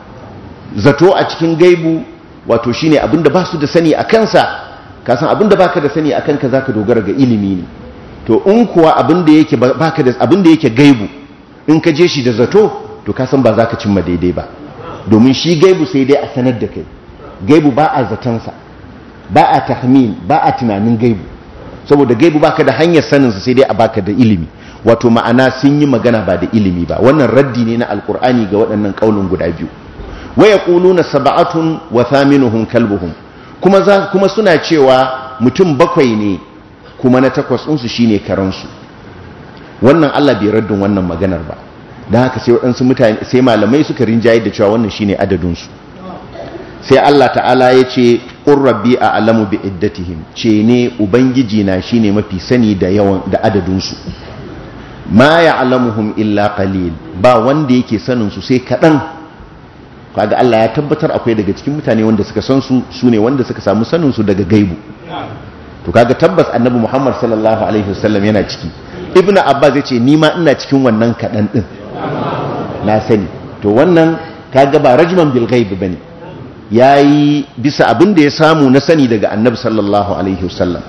zato a cikin gaibu wato shine abinda ba su da sani a kansa kasan abinda baka da sani a kanka zaka dogara ga ilimi ne to in kuwa abinda yake gaibu in ka je shi da zato to ka san ba za ka cimma daidai ba domin shi gaibu sai dai a sanar da kai gaibu ba a zatansa ba a tahmin ba a tunanin gaibu saboda gaibu ba ka da hanyar saninsa sai dai a baka da ilimi wato ma'ana sun yi magana ba da ilimi ba wannan raddi ne na alkur'ani ga waɗannan ƙaunin guda biyu waya na saba'atun wa thaminuhum kalbuhum kuma suna cewa mutum bakwai ne kuma na takwas ɗinsu shine karansu wannan Allah bai raddin wannan maganar ba don haka sai waɗansu mutane sai malamai suka rinjaye da cewa wannan shine adadinsu sai Allah ta'ala ya ce ƙurrabi a alamu bi iddatihim ce ne ubangiji na shi ne mafi sani da yawan da adadinsu ma ya alamuhum illa qalil ba wanda yake sanin su sai kaɗan kaga Allah ya tabbatar akwai daga cikin mutane wanda suka san su sune wanda suka samu sanin su daga gaibu to kaga tabbas annabi Muhammad sallallahu alaihi wasallam yana ciki ibn abbas ya ce nima ina cikin wannan kaɗan ɗin na sani to wannan ka gaba rajman ba ne bane yi bisa abin da ya samu na sani daga annabi sallallahu alaihi wasallam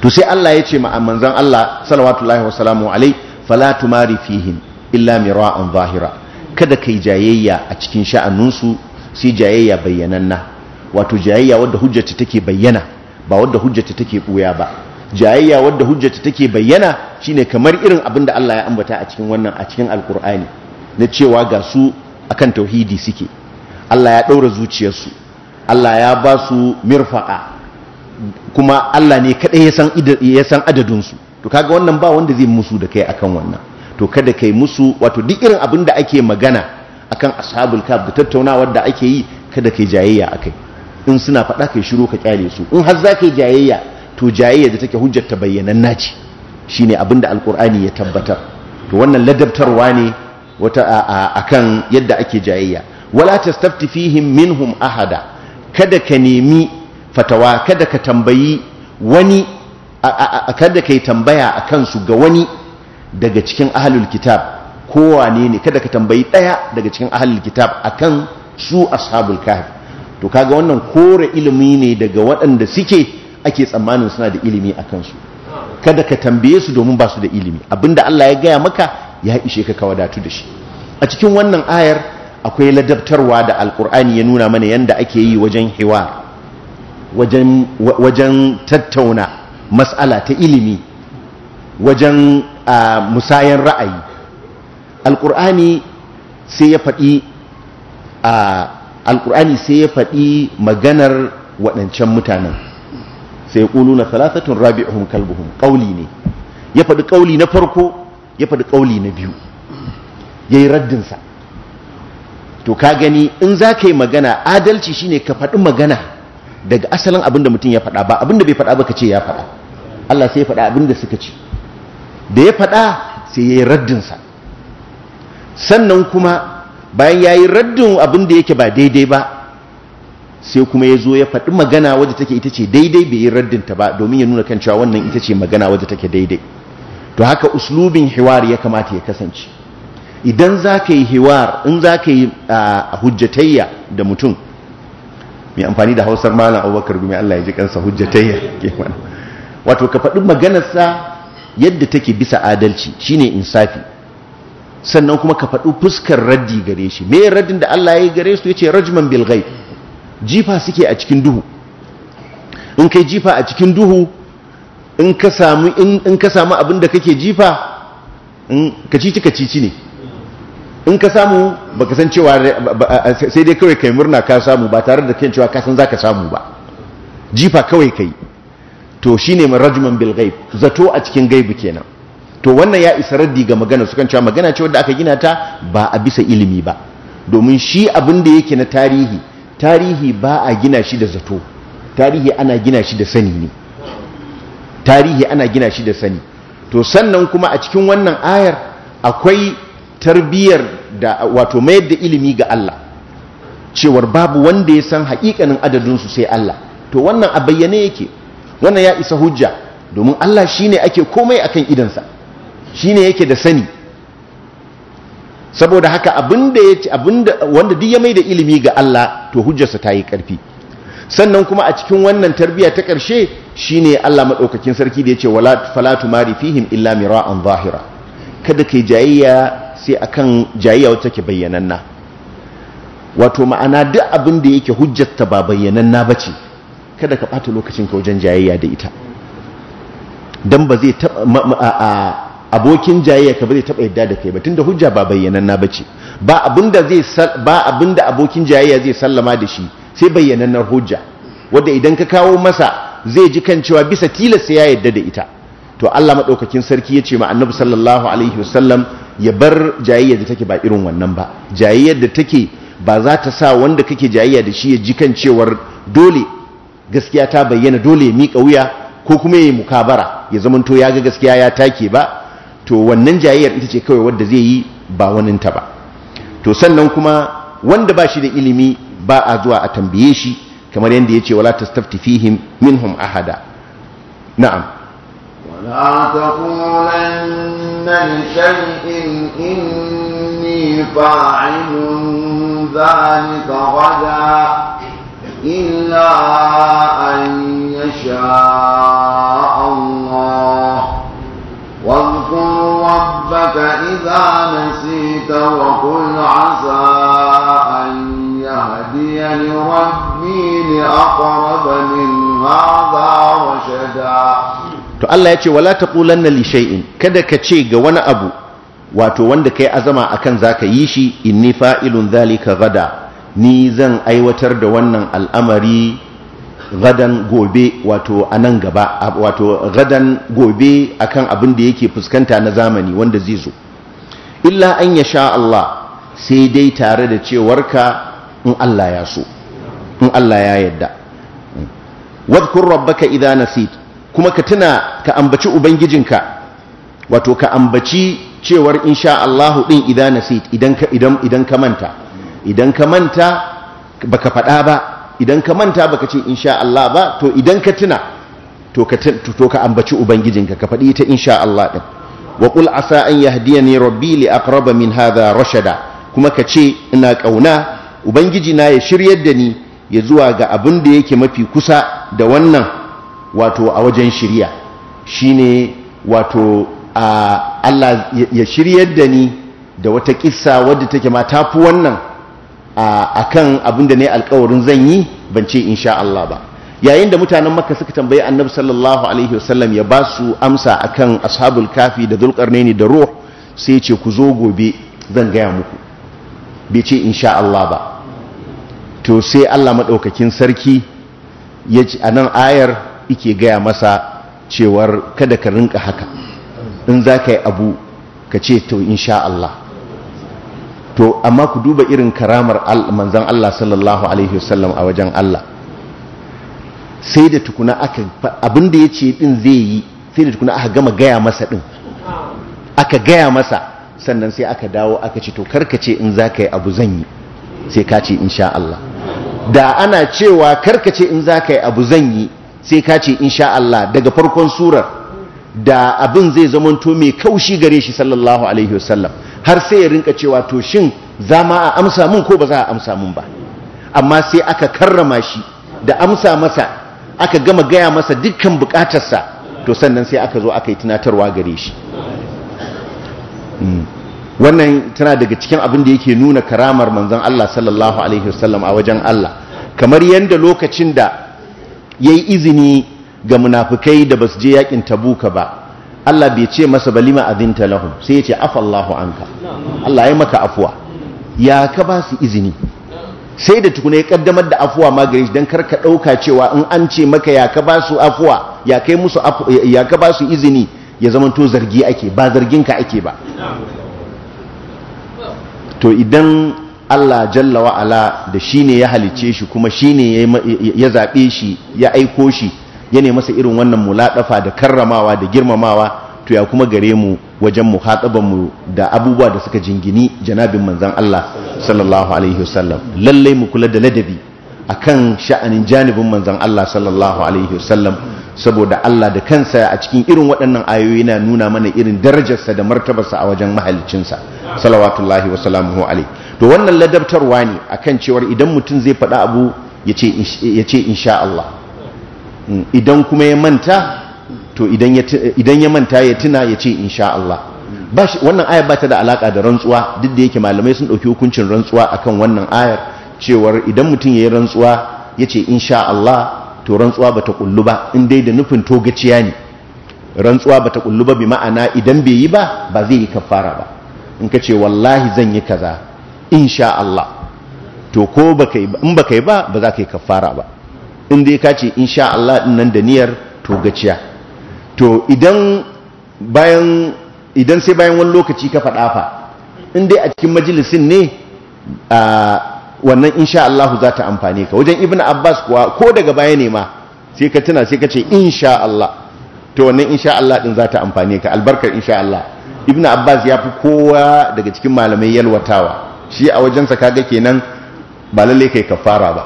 to sai Allah ya ce ma manzon Allah sallallahu wasalamu alai fala mari fihim illa mira'an zahira kada kai jayayya a cikin sha'anunsu sai jayayya bayyananna wato jayayya wadda hujjata take bayyana ba wadda hujjata take ɓuya ba jayayya wadda hujjata take bayyana shine kamar irin abin da Allah ya ambata a cikin wannan a cikin alkur'ani na cewa ga su akan tauhidi suke Allah ya daura zuciyarsu Allah ya ba su mirfaqa kuma Allah ne kaɗai ya san adadinsu to kaga wannan ba wanda zai musu da kai akan wannan to kada kai musu wato duk irin abin da ake magana akan ashabul kaf da tattaunawar da ake yi kada kai jayayya akai in suna faɗa kai shiru ka kyale su in har za jayayya to jayayya da take hujjar ta bayyananna ce shine da alkur'ani ya tabbatar to wannan ladabtarwa ne wata akan yadda ake jayayya wala tastafti fihim minhum ahada kada ka nemi fatawa kada ka tambayi wani kada kai tambaya akan su ga wani daga cikin ahlul kitab kowane ne kada ka tambayi daya daga cikin ahlul kitab akan su ashabul kahf to kaga wannan kore ilimi ne daga waɗanda suke ake tsammanin suna da ilimi a kansu kada ka tambaye su domin ba su da ilimi abinda Allah ya gaya maka ya ishe ka ka wadatu da shi a cikin wannan ayar akwai ladabtarwa da alkur'ani ya nuna mana yanda ake yi wajen hewa, wajen tattauna mas'ala ta ilimi wajen musayan ra'ayi alkur'ani sai ya faɗi alkur'ani sai ya faɗi maganar waɗancan mutanen sai na yaquluna rabi rabi'uhum kalbuhum ƙauli ne ya faɗi ƙauli na farko ya faɗi ƙauli na biyu ya yi raddinsa. to ka gani in za ka yi magana adalci shine ka faɗi magana daga asalin abinda mutum ya faɗa ba abinda bai faɗa ba ka ce ya faɗa Allah sai ya faɗa abinda suka ce da ya faɗa sai ya yi raddinsa sannan kuma bayan ya yi raddin abinda yake ba daidai ba sai kuma ya zo ya faɗi magana wadda take ita ce daidai bai yi raddinta ba domin ya nuna kan cewa wannan ita ce magana wadda take daidai to haka uslubin hiwar ya kamata ya kasance idan za ka yi hiwar in za ka yi hujjatayya da mutum mai amfani da hausar malam abubakar gumi allah ya ji kansa hujjatayya wato ka faɗi maganarsa yadda take bisa adalci shine insafi sannan kuma ka faɗi fuskar raddi gare shi me raddin da allah ya yi gare su ya ce rajman bil ghaib jifa suke a cikin duhu in kai jifa a cikin duhu in ka samu abin da kake jifa in kacici kacici ne in ka samu ka san cewa sai dai kawai kai murna ka samu ba tare da cewa ka san zaka samu ba jifa kawai kai to shine marajman bil zato a cikin gaibu kenan to wannan ya isa raddi ga magana sukan cewa magana ce wadda aka gina ta ba a bisa ilimi ba domin shi abin da yake na tarihi tarihi ba a gina shi da zato tarihi ana gina shi da sani ne tarihi ana gina shi da sani to sannan kuma a cikin wannan ayar akwai tarbiyar da wato mayar da ilimi ga Allah cewar babu wanda ya san haƙiƙanin adadinsu sai Allah to wannan a bayyane yake wannan ya isa hujja domin Allah shine ake komai akan idansa shine yake da sani saboda haka abinda ya abinda wanda duk ya mai da ilimi ga Allah to hujjarsa ta yi ƙarfi sannan kuma a cikin wannan tarbiyya ta ƙarshe shine Allah maɗaukakin sarki da ya ce wala fala mari fihim illa mira'an zahira kada kai jayayya sai akan jayayya wacce ke bayyananna wato ma'ana duk abinda da yake hujjarta ba bayyananna ce, kada ka ɓata lokacin ka wajen jayayya da ita dan ba zai taɓa abokin jayayya ka ba zai taba yadda da kai ba tunda hujja ba bayyananna bace ba abinda zai ba abinda abokin jayayya zai sallama da shi sai na hujja wanda idan ka kawo masa zai ji kan cewa bisa tilasta ya yadda da ita to Allah madaukakin sarki yace ma annabi sallallahu alaihi wasallam ya bar jayayyar da take ba irin wannan ba jayayyar da take ba za ta sa wanda kake jayayya da shi ya ji kan cewar dole gaskiya ta bayyana dole ya mika wuya ko kuma ya yi mukabara ya zamanto ya ga gaskiya ya take ba to wannan jayayyar ita ce kawai wadda zai yi ba ta ba to sannan kuma wanda ba shi da ilimi ba a zuwa a tambaye shi kamar yadda ya ce wala stafti fihim minhum ahada na'am wala taqulanna shay'in inni fa'ilun dhalika ghadan illa an yasha Allah ربك إذا نسيت وقل عسى أن يهديني ربي لأقرب من هذا رشدا to Allah ya ce wala taqulanna li shay'in kada ka ce ga wani abu wato wanda kai azama akan zaka yi shi inni fa'ilun dhalika gada ni zan aiwatar da wannan al'amari gadan gobe wato a nan gaba wato gadan gobe akan abin da yake fuskanta na zamani wanda zai zo illa an ya sha Allah sai dai tare da cewarka in Allah ya so in Allah ya yadda wadhkur rabbaka nasit kuma ka tuna ka ambaci ubangijinka wato ka ambaci cewar insha Allah din idha nasit idan ka idan idan ka manta idan ka manta baka fada ba idan ka manta baka ce insha Allah ba to idan ka tuna to ka to ka ambaci ubangijinka ka faɗi ta insha Allah din wa qul asa an yahdiyani rabbi li aqraba min hadha rashada kuma ka ce ina kauna ubangiji na ya shiryar da ni ya zuwa ga abin da yake mafi kusa da wannan wato a wajen shirya shine wato a Allah ya shiryar da ni da wata kissa wadda take ma tafi wannan a kan abin da ne alkawarin zan yi ban ce in sha Allah ba yayin da mutanen makka suka tambayi annabi sallallahu alaihi wasallam ya ba su amsa akan ashabul kafi da ne da ruh sai ce ku zo gobe zan gaya muku bai ce in sha Allah ba to sai Allah maɗaukakin sarki ya a nan ayar ike gaya masa cewar kada ka rinka haka in za ka yi abu ka ce to insha Allah to amma ku duba irin karamar manzan Allah sallallahu alaihi wasallam a wajen Allah sai da tukuna aka abin da ya ce din zai yi sai da tukuna aka gama gaya masa din aka gaya masa sannan sai aka dawo aka ce to karkace in za ka yi abu zan yi sai ka ce insha Allah da ana cewa karkace in za ka yi abu zan yi sai ka ce insha Allah daga farkon surar da abin zai zamanto mai kaushi gare shi sallallahu alaihi wasallam har sai ya rinka cewa to shin za ma a amsa mun ko ba za a amsa mun ba amma sai aka karrama shi da amsa masa aka gama gaya masa dukkan bukatarsa to sannan sai aka zo aka yi tunatarwa gare shi hmm. wannan tana daga cikin abin da yake nuna karamar manzon Allah sallallahu alaihi wasallam a wajen Allah kamar yadda lokacin da yayi izini ga munafukai da basu je yakin tabuka ba Allah bai ce masa balima azinta lahum sai ya ce afallahu anka Allah ya maka afuwa ya ka ba su izini sai da tukuna ya kaddamar da afuwa ma gare shi dan ka dauka cewa in an ce maka ya ka ba su afuwa ya kai musu ya ka ba su izini ya zama to zargi ake ba zargin ka ake ba to idan Allah jalla wa'ala da shi ne ya halice shi kuma shi ne ya zaɓe shi ya aiko shi ya ne masa irin wannan muladafa da karramawa da girmamawa to ya kuma gare mu wajen muhataban mu da abubuwa da suka jingini janabin manzan Allah sallallahu alaihi wasallam lalle mu kula da ladabi a kan sha'anin janibin manzan Allah sallallahu alaihi wasallam saboda Allah da kansa a cikin irin waɗannan ayoyi na nuna mana irin darajarsa da martabarsa a wajen mahalicinsa salawatullahi wa salamuhu alaihi to wannan ladabtarwa ne akan cewar idan mutum zai faɗa abu ya ce insha Allah idan kuma ya manta to idan ya manta ya tuna ya ce insha Allah wannan ayar ba ta da alaka da rantsuwa duk da yake malamai sun ɗauki hukuncin rantsuwa akan wannan ayar cewar idan mutum ya yi rantsuwa ya ce insha Allah to rantsuwa ba ta kullu ba in dai da nufin to gaciya ne rantsuwa ba ta kullu ba bi ma'ana idan bai yi ba ba zai yi kafara ba in ka ce wallahi zan yi kaza insha Allah to ko yi ba in baka yi ba ba za ka yi kafara ba in dai ka ce in sha Allah din nan da niyyar to gaciya to idan bayan idan sai bayan wani lokaci ka faɗa fa in dai a cikin majalisin ne a wannan sha Allah za ta amfane ka wajen ibn Abbas kuwa ko daga baya ne ma sai ka tuna sai ka ce in sha Allah to wannan in sha Allah din za ta amfane ka albarkar in sha Allah ibn Abbas ya fi kowa daga cikin malamai yalwatawa shi a wajensa kaga kenan ba lalle kai kafara ba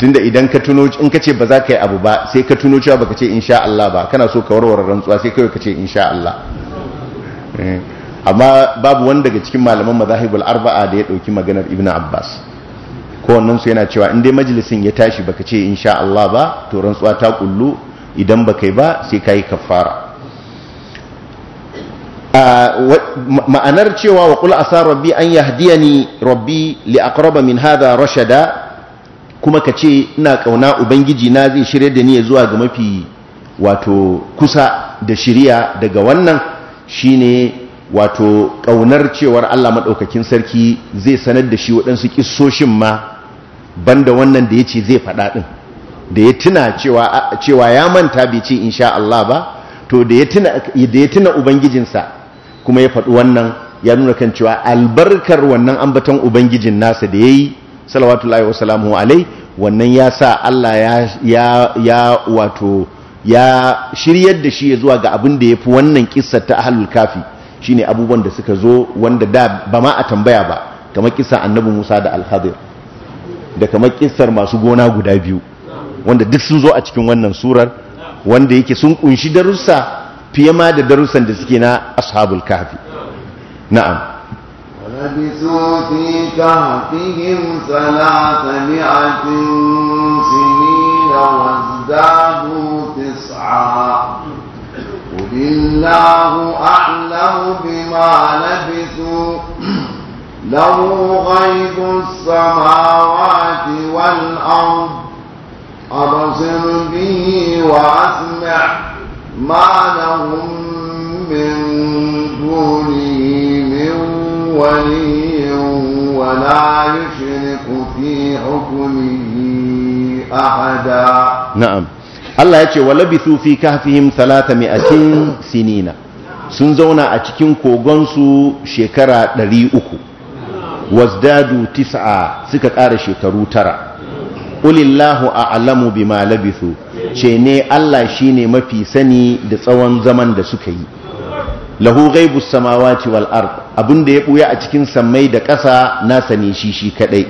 tunda idan ka tuno in ka ce ba za ka yi abu ba sai ka tuno cewa ba ka ce insha Allah ba kana so ka warware rantsuwa sai kawai ka ce insha Allah eh, amma babu wanda daga cikin malaman mazahibul arba'a da ya dauki maganar ibn abbas Ko wannan su yana cewa in dai majalisin ya tashi baka ce insha Allah ba to rantsuwa ta kullu idan baka yi ba sai ka yi kafara ma'anar cewa wa qul asa rabbi an yahdiyani rabbi li aqraba min hadha rashada kuma ka ce ina ƙauna ubangiji na zai shirya da ni zuwa ga mafi wato kusa da shirya daga wannan shine wato ƙaunar cewar Allah Maɗaukakin sarki zai sanar da shi waɗansu ƙisoshin ma banda wannan da ya ce zai faɗa ɗin da ya tuna cewa ya manta bai ce in sha Allah ba to da ya tuna ubangijinsa kuma ya faɗi wannan ya nuna kan cewa albarkar wannan ambaton ubangijin nasa da ya yi. salawatullahi wa salamu alai wannan ya sa Allah ya ya wato ya shiryar da shi ya zuwa ga abin da ya fi wannan kissar ta ahlul kafi shine abubuwan da suka zo wanda da ba ma a tambaya ba kamar kissa annabi Musa da al-Khadir da kamar kissar masu gona guda biyu wanda duk sun zo a cikin wannan surar wanda yake sun kunshi darussa fiye ma da darussan da suke na ashabul kafi na'am لبثوا في كهفهم ثلاثمائة سنين وازدادوا تسعا قل الله أعلم بما لبثوا له غيب السماوات والأرض أبصر به وأسمع ما لهم من دونه من وليا ولا يشرك في حكمه أحدا نعم الله يقول ولبثوا في كهفهم ثلاثمائة سنين sun zauna a cikin kogonsu shekara 300 wasdadu tis'a suka ƙara shekaru tara ulillahu a'lamu bima labithu ce ne Allah shine mafi sani da tsawon zaman da suka yi lahu ghaibu samawati wal ard abinda ya buya a cikin sammai da ƙasa na sani shi shi kadai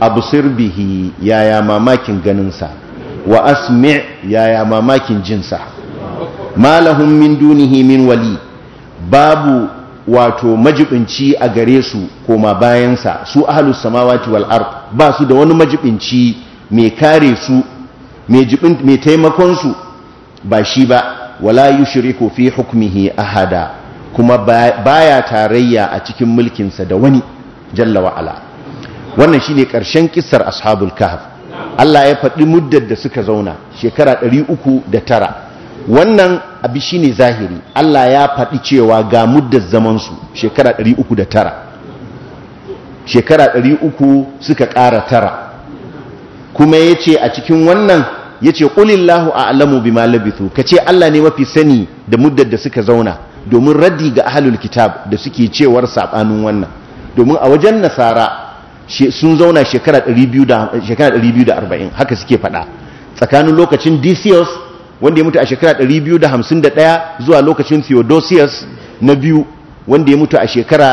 absir bihi yaya mamakin ganin sa wa asmi yaya mamakin jin sa malahum min dunihi min wali babu wato majibinci a gare su koma bayan sa su ahlus samawati wal ard ba su da wani majibinci mai kare su mai taimakon su ba shi ba wala yushriku fi hukmihi ahada kuma baya tarayya a cikin mulkinsa da wani jalla wa'ala wannan shi ne ƙarshen ƙisar ashabul kahf Allah ya faɗi muddar da suka zauna shekara 309 wannan abu shi ne zahiri Allah ya faɗi cewa ga muddar zamansu shekara 309 shekara 300 suka ƙara tara kuma ya ce a cikin wannan yace, ce ƙulillahu alamu bi ma labithu ka ce Allah ne mafi sani da muddar da suka zauna domin raddi ga ahalul kitab da suke cewar sabanin wannan domin a wajen nasara sun zauna shekara 240 haka suke fada tsakanin lokacin Decius wanda ya mutu a shekara 251 zuwa lokacin Theodosius na biyu wanda ya mutu a shekara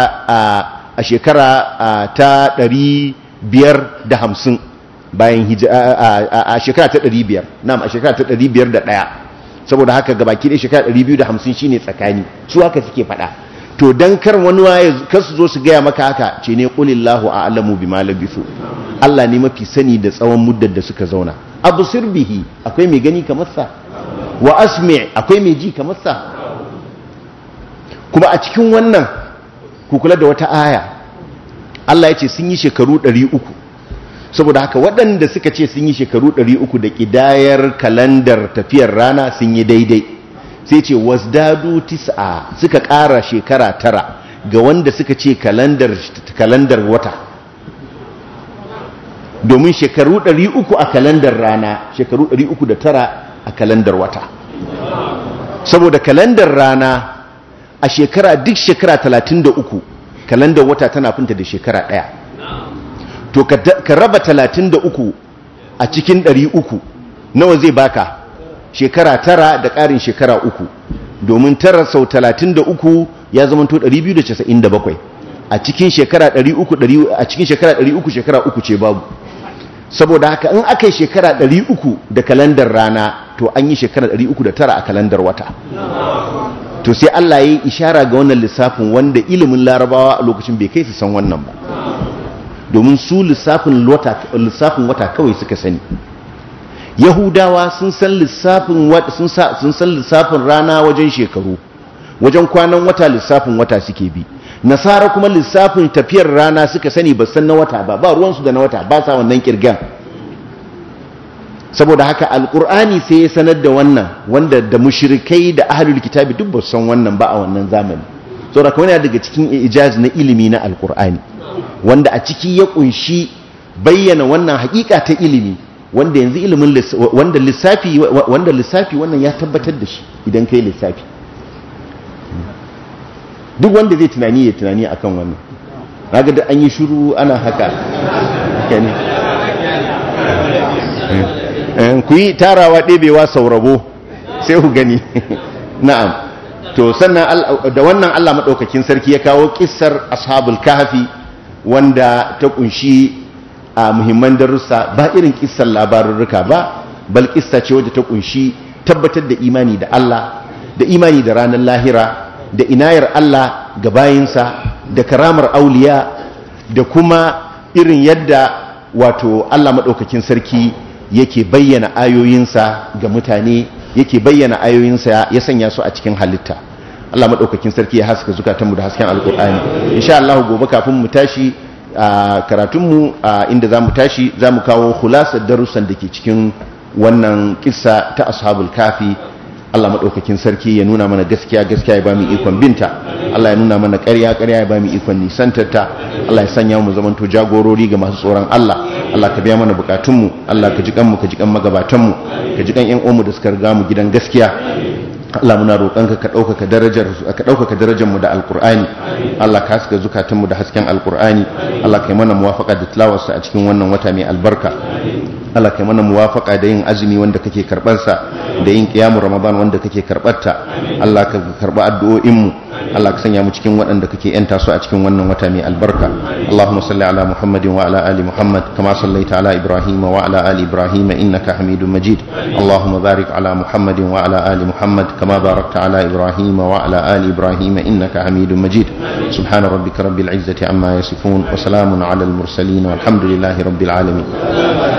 a shekara ta 550 bayan a shekara ta 500 na'am a shekara ta 501 saboda haka ga baki da shekara 250 shine tsakani su haka suke faɗa to dan kar wani waye kar su zo su gaya maka haka ce ne qulillahu a'lamu bima labisu Allah ne mafi sani da tsawon muddar da suka zauna absir bihi akwai mai gani kamar sa wa asmi akwai mai ji kamar sa kuma a cikin wannan ku kula da wata aya Allah ya ce sun yi shekaru 300 saboda haka waɗanda suka ce sun yi shekaru 300 da ƙidayar kalandar tafiyar rana sun yi daidai sai ce wasdadu tis'a suka ƙara shekara tara ga wanda suka ce kalandar wata domin shekaru 300 a kalandar rana shekaru 309 a kalandar wata saboda kalandar rana a shekara duk shekara 33 kalandar wata tana finta da shekara ɗaya to ka raba talatin da uku a cikin ɗari uku nawa zai baka shekara tara da ƙarin shekara uku domin tara sau talatin da uku ya zama ɗari biyu da casa'in da bakwai a cikin shekara ɗari uku a cikin shekara 300 uku shekara uku ce babu saboda haka in aka yi shekara ɗari uku da kalandar rana to an yi shekara ɗari uku da tara a kalandar wata to sai Allah ya yi ishara ga wannan lissafin wanda ilimin larabawa a lokacin bai kai su san wannan ba domin su lissafin wata kawai suka sani yahudawa sun san lissafin rana wajen shekaru wajen kwanan wata lissafin wata suke bi nasara kuma lissafin tafiyar rana suka sani ba san na wata ba ba ruwansu da na wata ba sa wannan kirgan saboda haka alkur'ani sai ya sanar da wannan wanda da mushrikai da ahlul kitabi duk ba san wannan ba a wannan zamani saboda kawai daga cikin ijaz na ilimi na alkur'ani wanda a ciki ya kunshi bayyana wannan hakika ta ilimi wanda yanzu ilimin wanda lissafi wanda lissafi wannan ya tabbatar da shi idan kai lissafi duk wanda zai tunani ya tunani akan wannan kaga da an yi shiru ana haka eh, ku yi tarawa ɗebewa saurabo sai ku gani na'am to sannan da wannan Allah madaukakin sarki ya kawo kissar ashabul kahfi wanda ta kunshi a muhimman darussa ba irin kissan labarurruka ba bal kissa ce wadda ta kunshi tabbatar da imani da Allah da imani da ranar lahira da inayar Allah ga bayinsa da karamar auliya da kuma irin yadda wato Allah maɗaukakin sarki yake bayyana ayoyinsa ga mutane yake bayyana ayoyinsa ya sanya su a cikin halitta Allah madaukakin sarki ya haska zukatanmu da hasken alkur'ani insha Allah gobe kafin mu tashi a karatunmu inda za mu tashi za mu kawo khulasar darussan da ke cikin wannan kissa ta ashabul kafi Allah madaukakin sarki ya nuna mana gaskiya gaskiya ya ba mu ikon binta Allah ya nuna mana ƙarya ƙarya ya ba mu ikon nisantarta Allah ya sanya mu zaman jagorori ga masu tsoron Allah Allah ka biya mana bukatunmu Allah ka ji kanmu ka ji kan magabatanmu ka ji kan ƴan uwanmu da suka riga mu gidan gaskiya Allah muna roƙonka ka ɗaukaka darajar ka ɗaukaka darajar mu da alƙur'ani Allah ka haska zukatunmu mu da hasken alƙur'ani Allah kai mana muwafaqa da tilawarsa a cikin wannan wata mai albarka Allah kai mana muwafaqa da yin azumi wanda kake karɓarsa da yin ƙiyamu ramadan wanda kake karɓar Allah ka karɓi addu'o'in mu Allah ka sanya mu cikin waɗanda kake yanta su a cikin wannan wata mai albarka Allahumma salli ala Muhammadin wa ala ali Muhammad kama sallaita ala Ibrahim wa ala ali Ibrahim innaka Hamidum Majid Allahumma barik ala Muhammadin wa ala ali Muhammad kama barakta ala Ibrahim wa ala ali Ibrahim innaka Hamidum Majid subhana rabbika rabbil izzati amma yasifun wa salamun ala al mursalin walhamdulillahi rabbil alamin